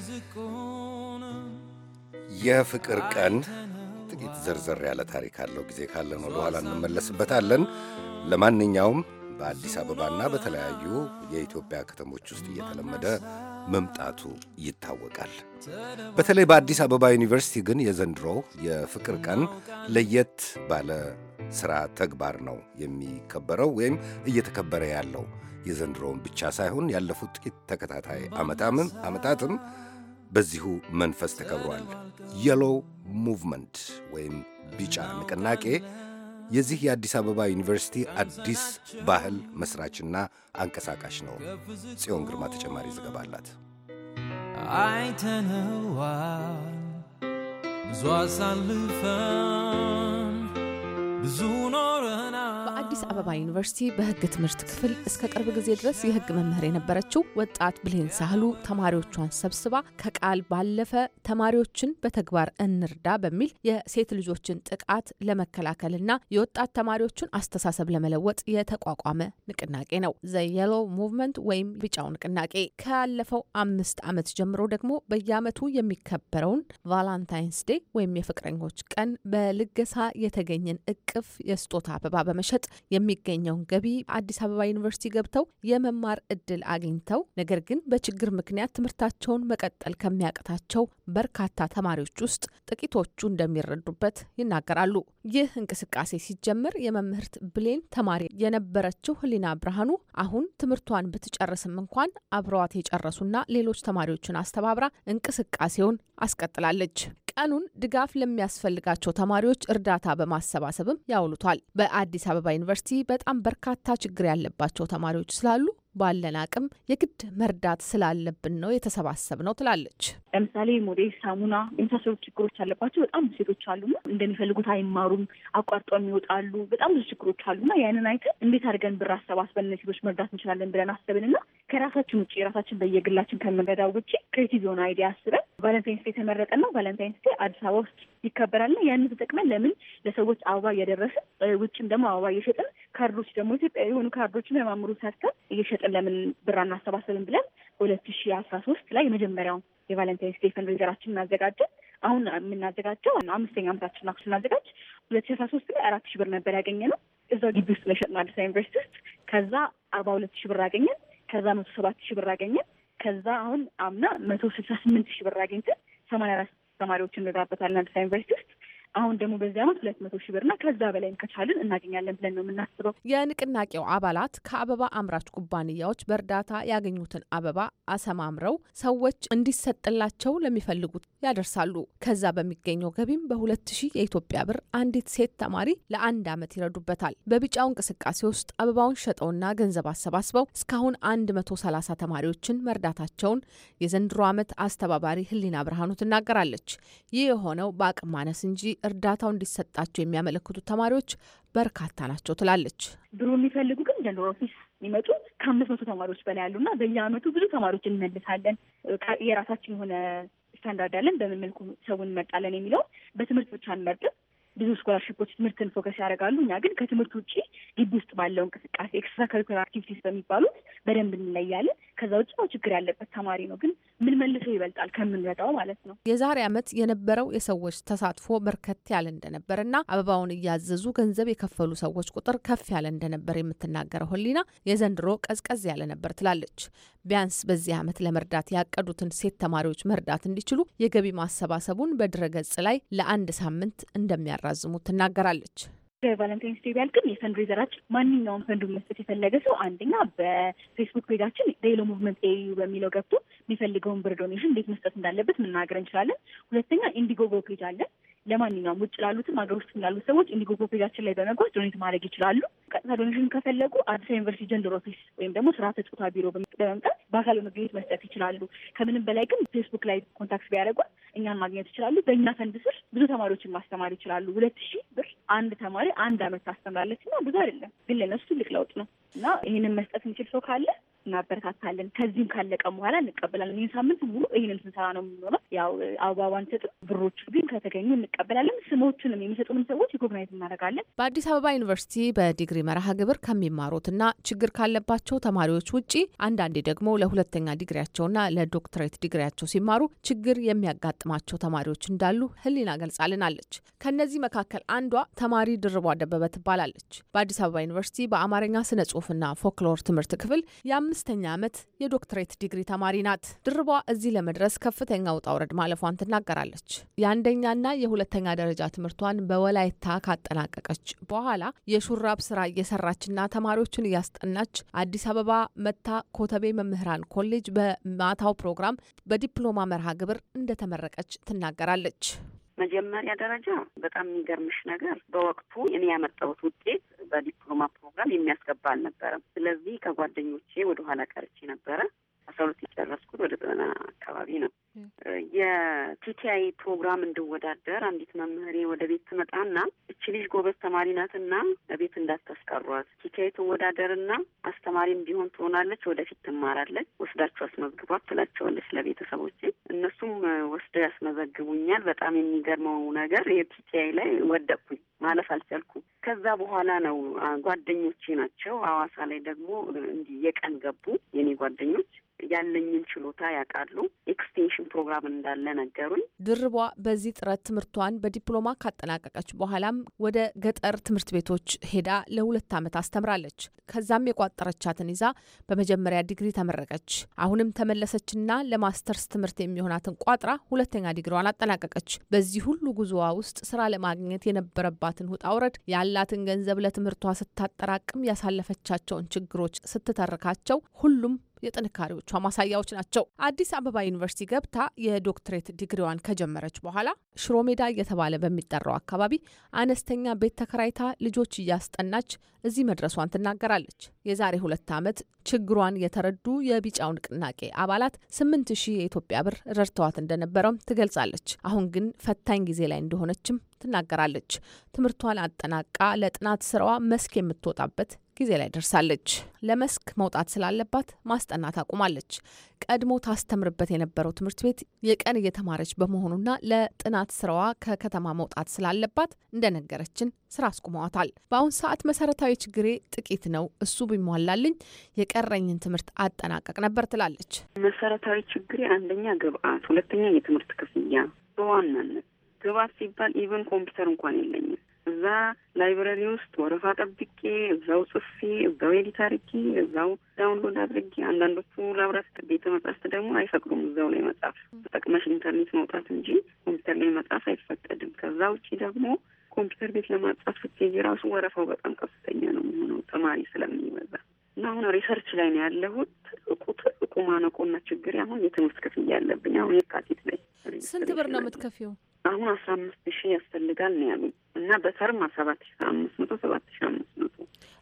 A: የፍቅር ቀን ጥቂት ዘርዘር ያለ ታሪክ አለው። ጊዜ ካለን ወደኋላ እንመለስበታለን። ለማንኛውም በአዲስ አበባና በተለያዩ የኢትዮጵያ ከተሞች ውስጥ እየተለመደ መምጣቱ ይታወቃል። በተለይ በአዲስ አበባ ዩኒቨርሲቲ ግን የዘንድሮ የፍቅር ቀን ለየት ባለ ሥራ ተግባር ነው የሚከበረው ወይም እየተከበረ ያለው። የዘንድሮውን ብቻ ሳይሆን ያለፉት ጥቂት ተከታታይ ዓመታትም በዚሁ መንፈስ ተከብሯል። የሎው ሙቭመንት ወይም ቢጫ ንቅናቄ የዚህ የአዲስ አበባ ዩኒቨርሲቲ አዲስ ባህል መስራችና አንቀሳቃሽ ነው። ጽዮን ግርማ ተጨማሪ ዘገባ አላት።
Q: አይተነዋል ብዙ አሳልፈን ብዙ ኖረና በአዲስ አበባ ዩኒቨርሲቲ በሕግ ትምህርት ክፍል እስከ ቅርብ ጊዜ ድረስ የሕግ መምህር የነበረችው ወጣት ብሌን ሳህሉ ተማሪዎቿን ሰብስባ ከቃል ባለፈ ተማሪዎችን በተግባር እንርዳ በሚል የሴት ልጆችን ጥቃት ለመከላከልና የወጣት ተማሪዎችን አስተሳሰብ ለመለወጥ የተቋቋመ ንቅናቄ ነው ዘ የሎ ሙቭመንት ወይም ቢጫው ንቅናቄ። ካለፈው አምስት ዓመት ጀምሮ ደግሞ በየዓመቱ የሚከበረውን ቫላንታይንስ ዴይ ወይም የፍቅረኞች ቀን በልገሳ የተገኘን እቅፍ የስጦታ አበባ በመሸጥ የሚገኘውን ገቢ አዲስ አበባ ዩኒቨርሲቲ ገብተው የመማር እድል አግኝተው ነገር ግን በችግር ምክንያት ትምህርታቸውን መቀጠል ከሚያቅታቸው በርካታ ተማሪዎች ውስጥ ጥቂቶቹ እንደሚረዱበት ይናገራሉ። ይህ እንቅስቃሴ ሲጀምር የመምህርት ብሌን ተማሪ የነበረችው ህሊና ብርሃኑ አሁን ትምህርቷን ብትጨርስም እንኳን አብረዋት የጨረሱና ሌሎች ተማሪዎችን አስተባብራ እንቅስቃሴውን አስቀጥላለች። ቀኑን ድጋፍ ለሚያስፈልጋቸው ተማሪዎች እርዳታ በማሰባሰብም ያውሉታል። በአዲስ አበባ ዩኒቨርሲቲ በጣም በርካታ ችግር ያለባቸው ተማሪዎች ስላሉ ባለን አቅም የግድ መርዳት ስላለብን ነው የተሰባሰብ ነው ትላለች። ለምሳሌ ሞዴል፣ ሳሙና የመሳሰሉ ችግሮች አለባቸው። በጣም ሴቶች አሉና እንደሚፈልጉት አይማሩም፣
G: አቋርጠው የሚወጣሉ። በጣም ብዙ ችግሮች አሉና ያንን አይተን እንዴት አድርገን ብር አሰባስበን ሴቶች መርዳት እንችላለን ብለን አሰብንና ከራሳችን ውጭ የራሳችን በየግላችን ከምንረዳው ውጭ ክሬቲቭ የሆነ አይዲያ አስበን ቫለንታይንስ የተመረጠ ነው። ቫለንታይንስ አዲስ አበባ ውስጥ ይከበራልና ያንን ተጠቅመን ለምን ለሰዎች አበባ እያደረስን ውጭም ደግሞ አበባ እየሸጥን ካርዶች ደግሞ ኢትዮጵያ የሆኑ ካርዶችን በማምሩ ሰርተን እየሸጥ መጠን ለምን ብር አናሰባሰብም ብለን ሁለት ሺ አስራ ሶስት ላይ የመጀመሪያውን የቫለንታይን ስቴ ፈንድሬዘራችን እናዘጋጀን። አሁን የምናዘጋጀው አምስተኛ ዓመታችን ናኩስ እናዘጋጅ ሁለት ሺ አስራ ሶስት ላይ አራት ሺ ብር ነበር ያገኘ ነው እዛ ግቢ ውስጥ ለሸጥነው አዲስ ዩኒቨርሲቲ ውስጥ ከዛ አርባ ሁለት ሺ ብር አገኘን። ከዛ መቶ ሰባት ሺ ብር አገኘን። ከዛ አሁን አምና መቶ ስልሳ ስምንት ሺ ብር አገኝተን
Q: ሰማንያ አራት ተማሪዎች እንረዳበታለን አዲስ ዩኒቨርሲቲ ውስጥ አሁን ደግሞ በዚህ ዓመት ሁለት መቶ ሺህ ብርና ከዛ በላይም ከቻልን እናገኛለን ብለን ነው የምናስበው። የንቅናቄው አባላት ከአበባ አምራች ኩባንያዎች በእርዳታ ያገኙትን አበባ አሰማምረው ሰዎች እንዲሰጥላቸው ለሚፈልጉት ያደርሳሉ። ከዛ በሚገኘው ገቢም በ2000 የኢትዮጵያ ብር አንዲት ሴት ተማሪ ለአንድ ዓመት ይረዱበታል። በቢጫው እንቅስቃሴ ውስጥ አበባውን ሸጠውና ገንዘብ አሰባስበው እስካሁን 130 ተማሪዎችን መርዳታቸውን የዘንድሮ ዓመት አስተባባሪ ህሊና ብርሃኑ ትናገራለች። ይህ የሆነው በአቅም ማነስ እንጂ እርዳታው እንዲሰጣቸው የሚያመለክቱ ተማሪዎች በርካታ ናቸው ትላለች።
G: ብሩ የሚፈልጉ ግን ዘንድሮ ኦፊስ የሚመጡ ከአምስት መቶ ተማሪዎች በላይ ያሉና በየአመቱ ብዙ ተማሪዎች እንመልሳለን። የራሳችን የሆነ ስታንዳርድ አለን፣ በምን መልኩ ሰውን እንመርጣለን የሚለውን በትምህርት ብቻ አንመርጥም። ብዙ ስኮላርሽፖች ትምህርትን ፎከስ ያደርጋሉ። እኛ ግን ከትምህርት ውጭ ግቢ ውስጥ ባለው እንቅስቃሴ ኤክስትራ ከሪኩላር አክቲቪቲስ በሚባሉት
Q: በደንብ እንለያለን። ከዛ ውጭ ነው ችግር ያለበት ተማሪ ነው፣ ግን ምን መልሶ ይበልጣል ከምንረዳው ማለት ነው። የዛሬ ዓመት የነበረው የሰዎች ተሳትፎ በርከት ያለ እንደነበር እና አበባውን እያዘዙ ገንዘብ የከፈሉ ሰዎች ቁጥር ከፍ ያለ እንደነበር የምትናገረው ህሊና የዘንድሮ ቀዝቀዝ ያለ ነበር ትላለች። ቢያንስ በዚህ ዓመት ለመርዳት ያቀዱትን ሴት ተማሪዎች መርዳት እንዲችሉ የገቢ ማሰባሰቡን በድረገጽ ላይ ለአንድ ሳምንት እንደሚያ እንደሚያራዝሙ ትናገራለች።
G: የቫለንታይንስ ዴይ ቢያልቅም የፈንድሬዘራችን ማንኛውም ፈንዱ መስጠት የፈለገ ሰው አንደኛ በፌስቡክ ፔጃችን ዴሎ ሙቭመንት ኤዩ በሚለው ገብቶ የሚፈልገውን ብር ዶኔሽን እንዴት መስጠት እንዳለበት መናገር እንችላለን። ሁለተኛ ኢንዲጎጎ ፔጅ አለን። ለማንኛውም ውጭ ላሉትም ሀገር ውስጥ ላሉት ሰዎች ኢንዲጎጎ ፔጃችን ላይ በመጓዝ ዶኔት ማድረግ ይችላሉ። ቀጥታ ዶኔሽን ከፈለጉ አዲስ ዩኒቨርሲቲ ጀንደር ኦፊስ ወይም ደግሞ ስራ ተጫታ ቢሮ በመምጣት በአካል መገኘት መስጠት ይችላሉ። ከምንም በላይ ግን ፌስቡክ ላይ ኮንታክት ቢያደርጓል እኛን ማግኘት ይችላሉ። በእኛ ፈንድ ስር ብዙ ተማሪዎችን ማስተማር ይችላሉ። ሁለት ሺህ ብር አንድ ተማሪ አንድ አመት ታስተምራለች እና ብዙ አይደለም፣ ግን ለነሱ ትልቅ ለውጥ ነው እና ይህንን መስጠት የሚችል ሰው ካለ እናበረታታለን። ከዚህም ካለቀም በኋላ እንቀበላለን። ይህን ሳምንት ሙሉ ይህንን ስንሰራ ነው የምንኖረው። ያው አበባዋን ሰጥ ብሮች ግን ከተገኙ እንቀበላለን። ስሞችንም የሚሰጡንም ሰዎች ኮግናይት እናደርጋለን።
Q: በአዲስ አበባ ዩኒቨርሲቲ በዲግሪ መርሃ ግብር ከሚማሩትና ችግር ካለባቸው ተማሪዎች ውጪ አንዳንዴ ደግሞ ለሁለተኛ ዲግሪያቸውና ለዶክትሬት ዲግሪያቸው ሲማሩ ችግር የሚያጋጥማቸው ተማሪዎች እንዳሉ ህሊና ገልጻልናለች። ከእነዚህ መካከል አንዷ ተማሪ ድርቧ ደበበ ትባላለች። በአዲስ አበባ ዩኒቨርሲቲ በአማርኛ ስነ ጽሁፍና ፎክሎር ትምህርት ክፍል አምስተኛ ዓመት የዶክትሬት ዲግሪ ተማሪ ናት። ድርቧ እዚህ ለመድረስ ከፍተኛ ውጣ ውረድ ማለፏን ትናገራለች። የአንደኛና የሁለተኛ ደረጃ ትምህርቷን በወላይታ ካጠናቀቀች በኋላ የሹራብ ስራ እየሰራችና ተማሪዎችን እያስጠናች አዲስ አበባ መታ ኮተቤ መምህራን ኮሌጅ በማታው ፕሮግራም በዲፕሎማ መርሃ ግብር እንደተመረቀች ትናገራለች።
C: መጀመሪያ ደረጃ በጣም የሚገርምሽ ነገር በወቅቱ እኔ ያመጣሁት ውጤት በዲፕሎማ ፕሮግራም የሚያስገባ አልነበረም። ስለዚህ ከጓደኞቼ ወደኋላ ቀርቼ ነበረ። አስራ ሁለት የጨረስኩት ወደ ዘጠና አካባቢ ነው። የቲቲአይ ፕሮግራም እንድወዳደር አንዲት መምህሬ ወደ ቤት ትመጣና እቺ ልጅ ጎበዝ ተማሪ ናትና ቤት እንዳታስቀሯት፣ ቲቲአይ ትወዳደርና አስተማሪም ቢሆን ትሆናለች፣ ወደፊት ትማራለች፣ ወስዳችሁ አስመዝግቧት ትላቸዋለች ለቤተሰቦች እነሱም ወስደው ያስመዘግቡኛል። በጣም የሚገርመው ነገር የቲቲአይ ላይ ወደቅኩኝ፣ ማለፍ አልቻልኩም። ከዛ በኋላ ነው ጓደኞቼ ናቸው ሐዋሳ ላይ ደግሞ እንዲህ የቀን ገቡ የኔ ጓደኞች ያለኝን ችሎታ ያውቃሉ ኤክስቴንሽን ኮንሰርቬሽን ፕሮግራም እንዳለ ነገሩኝ።
Q: ድርቧ በዚህ ጥረት ትምህርቷን በዲፕሎማ ካጠናቀቀች በኋላም ወደ ገጠር ትምህርት ቤቶች ሄዳ ለሁለት ዓመት አስተምራለች። ከዛም የቋጠረቻትን ይዛ በመጀመሪያ ዲግሪ ተመረቀች። አሁንም ተመለሰችና ለማስተርስ ትምህርት የሚሆናትን ቋጥራ ሁለተኛ ዲግሪዋን አጠናቀቀች። በዚህ ሁሉ ጉዞዋ ውስጥ ስራ ለማግኘት የነበረባትን ውጣ ውረድ፣ ያላትን ገንዘብ ለትምህርቷ ስታጠራቅም ያሳለፈቻቸውን ችግሮች ስትተርካቸው ሁሉም የጥንካሬዎቿ ማሳያዎች ናቸው። አዲስ አበባ ዩኒቨርሲቲ ገብታ የዶክትሬት ዲግሪዋን ከጀመረች በኋላ ሽሮሜዳ እየተባለ በሚጠራው አካባቢ አነስተኛ ቤት ተከራይታ ልጆች እያስጠናች እዚህ መድረሷን ትናገራለች። የዛሬ ሁለት ዓመት ችግሯን የተረዱ የቢጫው ንቅናቄ አባላት ስምንት ሺህ የኢትዮጵያ ብር ረድተዋት እንደነበረም ትገልጻለች። አሁን ግን ፈታኝ ጊዜ ላይ እንደሆነችም ትናገራለች። ትምህርቷን አጠናቃ ለጥናት ስራዋ መስክ የምትወጣበት ጊዜ ላይ ደርሳለች። ለመስክ መውጣት ስላለባት ማስጠናት አቁማለች። ቀድሞ ታስተምርበት የነበረው ትምህርት ቤት የቀን እየተማረች በመሆኑና ለጥናት ስራዋ ከከተማ መውጣት ስላለባት እንደነገረችን ስራ አስቁመዋታል። በአሁን ሰዓት መሰረታዊ ችግሬ ጥቂት ነው፣ እሱ ቢሟላልኝ የቀረኝን ትምህርት አጠናቀቅ ነበር ትላለች። መሰረታዊ ችግሬ አንደኛ ግብአት፣ ሁለተኛ የትምህርት ክፍያ።
C: በዋናነት ግብአት ሲባል ኢቨን ኮምፒውተር እንኳን የለኝም እዛ ላይብረሪ ውስጥ ወረፋ ጠብቄ እዛው ጽፌ እዛው ኤዲት አድርጌ እዛው ዳውንሎድ አድርጌ አንዳንዶቹ ላብራት ቤተ መጻሕፍት ደግሞ አይፈቅዱም። እዛው ላይ መጻፍ ተጠቅመሽ ኢንተርኔት መውጣት እንጂ ኮምፒውተር ላይ መጻፍ አይፈቀድም። ከዛ ውጪ ደግሞ ኮምፒውተር ቤት ለማጻፍ ስትሄጂ ራሱ ወረፋው በጣም ከፍተኛ ነው የሚሆነው ተማሪ ስለሚበዛ እና አሁን ሪሰርች ላይ ነው ያለሁት። ትልቁ ትልቁ ማነቆና ችግር አሁን የትምህርት ክፍያ ያለብኝ አሁን የካቲት ላይ ስንት
Q: ብር ነው የምትከፊው?
C: አሁን አስራ አምስት ሺ ያስፈልጋል ነው ያሉኝ እና በተርም ሰባት ሺ አምስት መቶ ሰባት ሺ አምስት
Q: መቶ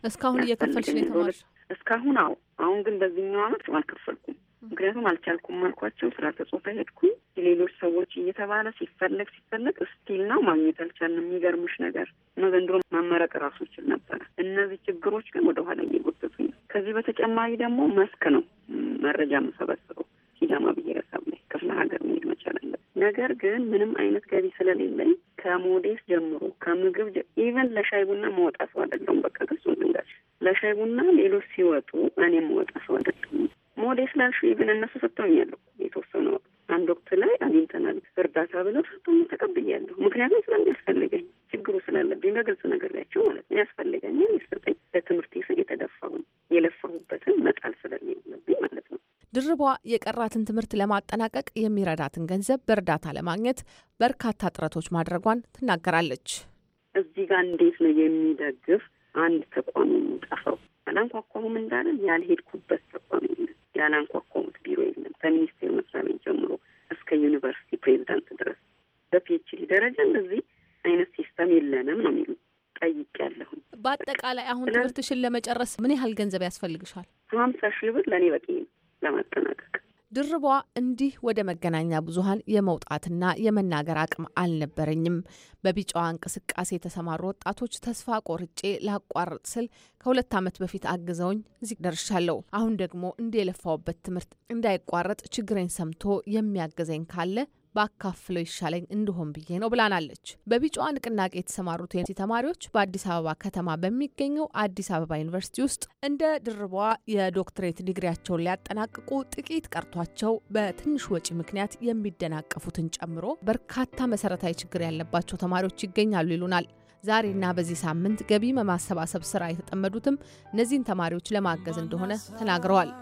Q: እስካሁን እየከፈልሽ ነው የተማርሽ?
C: እስካሁን አዎ። አሁን ግን በዚህኛው አመት አልከፈልኩም። ምክንያቱም አልቻልኩም አልኳቸው። ስራ ተጽፈ ሄድኩኝ። ሌሎች ሰዎች እየተባለ ሲፈለግ ሲፈለግ ስቲል ነው ማግኘት አልቻልንም። የሚገርምሽ ነገር ነው ዘንድሮ መመረቅ ራሱ ይችል ነበረ። እነዚህ ችግሮች ግን ወደኋላ እየጎተቱኝ። ከዚህ በተጨማሪ ደግሞ መስክ ነው መረጃ መሰበስበው ሲዳማ ብዬ ነገር ግን ምንም አይነት ገቢ ስለሌለኝ ከሞዴስ ጀምሮ ከምግብ ኢቨን ለሻይ ቡና መወጣ ሰው አይደለሁም። በቃ ገጹ መንገድ ለሻይ ቡና ሌሎች ሲወጡ እኔ መወጣ ሰው አይደለሁም። ሞዴስ ላልሹ ኢቨን እነሱ ሰጥተውኛለሁ። የተወሰነ ወቅት አንድ ወቅት ላይ አግኝተናል እርዳታ ብለው ሰጥተው ተቀብያለሁ። ምክንያቱም ስለሚያስፈልገኝ ችግሩ ስላለብኝ በግልጽ ነገር ላያቸው ማለት ነው ያስፈልገኝ ይሰጠኝ ለትምህርት ስል የተደፋሁን የለፋሁበትን መጣል ስለሌለብኝ ማለት ነው
Q: ድርቧ የቀራትን ትምህርት ለማጠናቀቅ የሚረዳትን ገንዘብ በእርዳታ ለማግኘት በርካታ ጥረቶች ማድረጓን ትናገራለች።
C: እዚህ ጋር እንዴት ነው የሚደግፍ አንድ ተቋም የሚጠፋው? አላንኳኳሁም እንዳለን ያልሄድኩበት ተቋም የለም። ቢሮ የለም። ከሚኒስቴር መስሪያ ቤት ጀምሮ እስከ ዩኒቨርሲቲ ፕሬዚዳንት ድረስ በፒኤችዲ ደረጃ እንደዚህ አይነት ሲስተም የለንም ነው ጠይቅ ጠይቄያለሁ።
Q: በአጠቃላይ አሁን ትምህርትሽን ለመጨረስ ምን ያህል ገንዘብ ያስፈልግሻል? ሀምሳ
C: ሺህ ብር ለእኔ በቂ ነው። ለማጠናቀቅ
Q: ድርቧ እንዲህ ወደ መገናኛ ብዙኃን የመውጣትና የመናገር አቅም አልነበረኝም። በቢጫዋ እንቅስቃሴ የተሰማሩ ወጣቶች ተስፋ ቆርጬ ላቋርጥ ስል ከሁለት ዓመት በፊት አግዘውኝ እዚህ ደርሻለሁ። አሁን ደግሞ እንደ የለፋውበት ትምህርት እንዳይቋረጥ ችግሬን ሰምቶ የሚያግዘኝ ካለ ባካፍለው ይሻለኝ እንደሆን ብዬ ነው ብላናለች። በቢጫዋ ንቅናቄ የተሰማሩት የዩኒቨርሲቲ ተማሪዎች በአዲስ አበባ ከተማ በሚገኘው አዲስ አበባ ዩኒቨርሲቲ ውስጥ እንደ ድርቧ የዶክትሬት ዲግሪያቸውን ሊያጠናቅቁ ጥቂት ቀርቷቸው በትንሽ ወጪ ምክንያት የሚደናቀፉትን ጨምሮ በርካታ መሰረታዊ ችግር ያለባቸው ተማሪዎች ይገኛሉ ይሉናል። ዛሬና በዚህ ሳምንት ገቢ በማሰባሰብ ስራ የተጠመዱትም እነዚህን ተማሪዎች ለማገዝ እንደሆነ ተናግረዋል።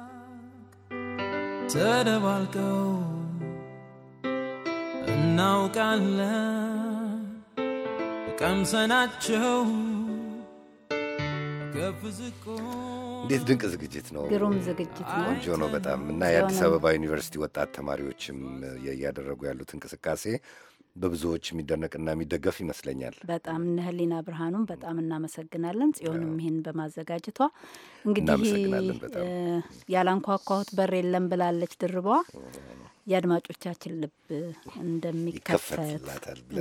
C: ተደባልቀው
O: እናውቃለን ቀምሰናቸው
A: እንዴት ድንቅ ዝግጅት ነው! ግሩም ዝግጅት ነው። ቆንጆ ነው በጣም እና የአዲስ አበባ ዩኒቨርሲቲ ወጣት ተማሪዎችም እያደረጉ ያሉት እንቅስቃሴ በብዙዎች የሚደነቅና የሚደገፍ ይመስለኛል።
B: በጣም እነ ህሊና ብርሃኑም በጣም እናመሰግናለን። ጽዮንም ይህን በማዘጋጀቷ እንግዲህ ያላንኳኳሁት በር የለም ብላለች ድርቧ የአድማጮቻችን ልብ እንደሚከፈት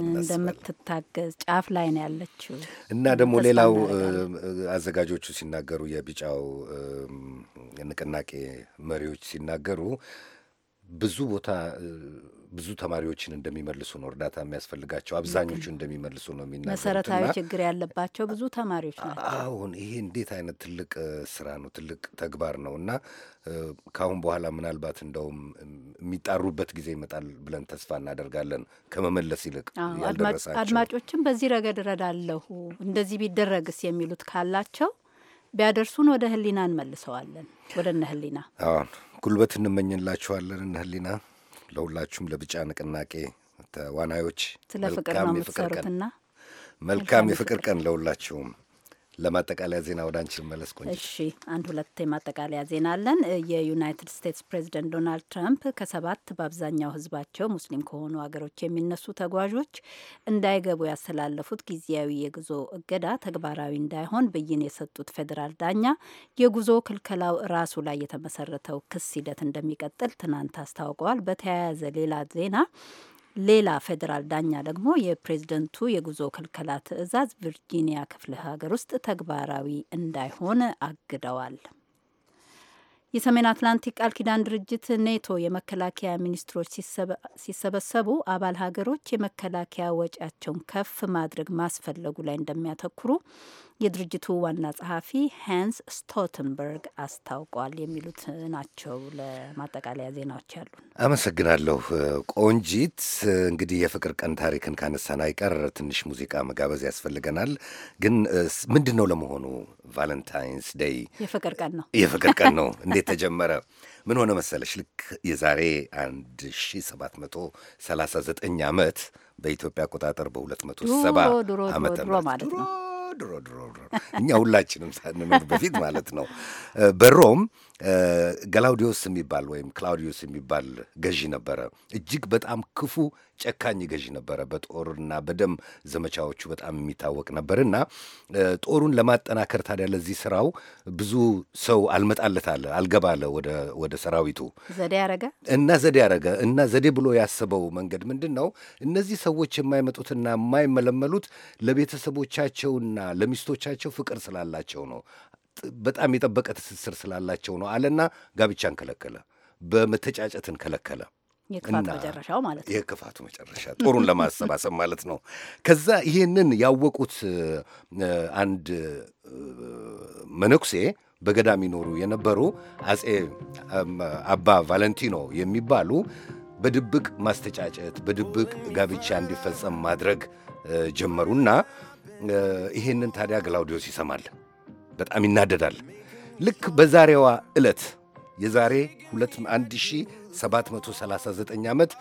B: እንደምትታገዝ ጫፍ ላይ ነው ያለችው እና
A: ደግሞ ሌላው አዘጋጆቹ ሲናገሩ የቢጫው ንቅናቄ መሪዎች ሲናገሩ ብዙ ቦታ ብዙ ተማሪዎችን እንደሚመልሱ ነው፣ እርዳታ የሚያስፈልጋቸው አብዛኞቹ እንደሚመልሱ ነው የሚናገሩት። መሰረታዊ
B: ችግር ያለባቸው ብዙ ተማሪዎች ናቸው።
A: አሁን ይሄ እንዴት አይነት ትልቅ ስራ ነው፣ ትልቅ ተግባር ነው እና ከአሁን በኋላ ምናልባት እንደውም የሚጣሩበት ጊዜ ይመጣል ብለን ተስፋ እናደርጋለን።
B: ከመመለስ ይልቅ አድማጮችም በዚህ ረገድ እረዳለሁ እንደዚህ ቢደረግስ የሚሉት ካላቸው ቢያደርሱን ወደ ህሊና እንመልሰዋለን። ወደ እነ ህሊና
A: አሁን ጉልበት እንመኝላችኋለን። እነ ህሊና ለሁላችሁም ለብጫ ንቅናቄ ተዋናዮች ስለ ፍቅር ነው የምትሰሩትና መልካም የፍቅር ቀን ለሁላችሁም። ለማጠቃለያ ዜና ወደ አንቺ መለስ ቆንጆ።
B: እሺ አንድ ሁለት የማጠቃለያ ዜና አለን። የዩናይትድ ስቴትስ ፕሬዚደንት ዶናልድ ትራምፕ ከሰባት በአብዛኛው ህዝባቸው ሙስሊም ከሆኑ ሀገሮች የሚነሱ ተጓዦች እንዳይገቡ ያስተላለፉት ጊዜያዊ የጉዞ እገዳ ተግባራዊ እንዳይሆን ብይን የሰጡት ፌዴራል ዳኛ የጉዞ ክልከላው ራሱ ላይ የተመሰረተው ክስ ሂደት እንደሚቀጥል ትናንት አስታውቀዋል። በተያያዘ ሌላ ዜና ሌላ ፌዴራል ዳኛ ደግሞ የፕሬዝደንቱ የጉዞ ክልከላ ትዕዛዝ ቪርጂኒያ ክፍለ ሀገር ውስጥ ተግባራዊ እንዳይሆን አግደዋል። የሰሜን አትላንቲክ ቃል ኪዳን ድርጅት ኔቶ የመከላከያ ሚኒስትሮች ሲሰበሰቡ አባል ሀገሮች የመከላከያ ወጪያቸውን ከፍ ማድረግ ማስፈለጉ ላይ እንደሚያተኩሩ የድርጅቱ ዋና ጸሐፊ ሃንስ ስቶልተንበርግ አስታውቋል። የሚሉት ናቸው ለማጠቃለያ ዜናዎች ያሉ።
A: አመሰግናለሁ ቆንጂት። እንግዲህ የፍቅር ቀን ታሪክን ካነሳን አይቀር ትንሽ ሙዚቃ መጋበዝ ያስፈልገናል። ግን ምንድን ነው ለመሆኑ ቫለንታይንስ ዴይ?
B: የፍቅር ቀን ነው። የፍቅር ቀን ነው።
A: እንዴት ተጀመረ? ምን ሆነ መሰለሽ? ልክ የዛሬ 1739 ዓመት በኢትዮጵያ አቆጣጠር በ270 ዓመተ
B: ምህረት ድሮ ድሮ ድሮ እኛ ሁላችንም ሳንኖር በፊት ማለት ነው
A: በሮም ገላውዲዮስ የሚባል ወይም ክላውዲዮስ የሚባል ገዢ ነበረ። እጅግ በጣም ክፉ ጨካኝ ገዢ ነበረ። በጦርና በደም ዘመቻዎቹ በጣም የሚታወቅ ነበርና ጦሩን ለማጠናከር ታዲያ ለዚህ ስራው ብዙ ሰው አልመጣለታለ አልገባለ ወደ ሰራዊቱ ዘዴ ያረገ እና ዘዴ ያረገ እና ዘዴ ብሎ ያሰበው መንገድ ምንድን ነው? እነዚህ ሰዎች የማይመጡትና የማይመለመሉት ለቤተሰቦቻቸውና ለሚስቶቻቸው ፍቅር ስላላቸው ነው። በጣም የጠበቀ ትስስር ስላላቸው ነው አለና ጋብቻን ከለከለ። በመተጫጨትን ከለከለ።
B: የክፋቱ መጨረሻው ማለት
A: ነው። የክፋቱ መጨረሻ ጦሩን ለማሰባሰብ ማለት ነው። ከዛ ይህንን ያወቁት አንድ መነኩሴ በገዳ ይኖሩ የነበሩ አጼ አባ ቫለንቲኖ የሚባሉ በድብቅ ማስተጫጨት፣ በድብቅ ጋብቻ እንዲፈጸም ማድረግ ጀመሩና ይህንን ታዲያ ግላውዲዮስ ይሰማል። በጣም ይናደዳል። ልክ በዛሬዋ ዕለት የዛሬ 1739 ዓመት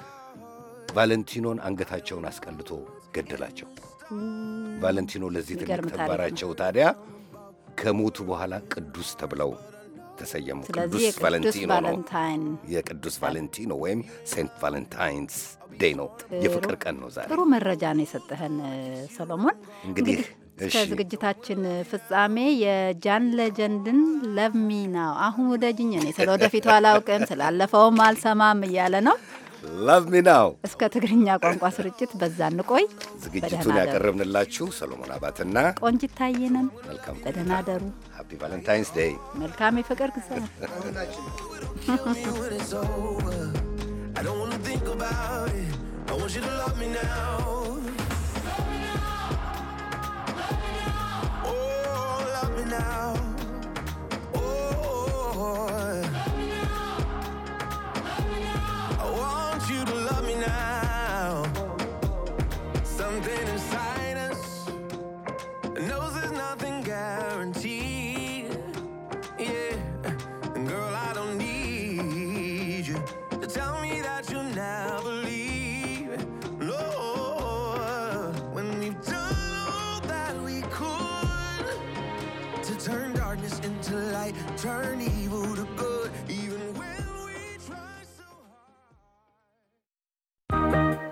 A: ቫለንቲኖን አንገታቸውን አስቀልቶ ገደላቸው። ቫለንቲኖ ለዚህ ትልቅ ተግባራቸው ታዲያ ከሞቱ በኋላ ቅዱስ ተብለው ተሰየሙ። ቅዱስ ቫለንቲኖ ነው የቅዱስ ቫለንቲኖ ወይም ሴንት ቫለንታይንስ ዴይ ነው። የፍቅር ቀን ነው ዛሬ። ጥሩ
B: መረጃ ነው የሰጠህን ሰሎሞን
A: እንግዲህ እስከ
B: ዝግጅታችን ፍጻሜ የጃን ሌጀንድን ለቭሚ ናው አሁን ውደጅኝ እኔ ስለ ወደፊቱ አላውቅም ስላለፈውም አልሰማም እያለ ነው።
A: ላቭ ሚ ናው
B: እስከ ትግርኛ ቋንቋ ስርጭት በዛ እንቆይ። ዝግጅቱን
A: ያቀረብንላችሁ ሰሎሞን አባትና ቆንጂት ታዬ መልካም በደህና ደሩ። ሀፒ ቫለንታይንስ ዴይ።
B: መልካም የፍቅር ጊዜ ነው።
O: now. Oh, Love me now. Love me now. I want you to love me now. journey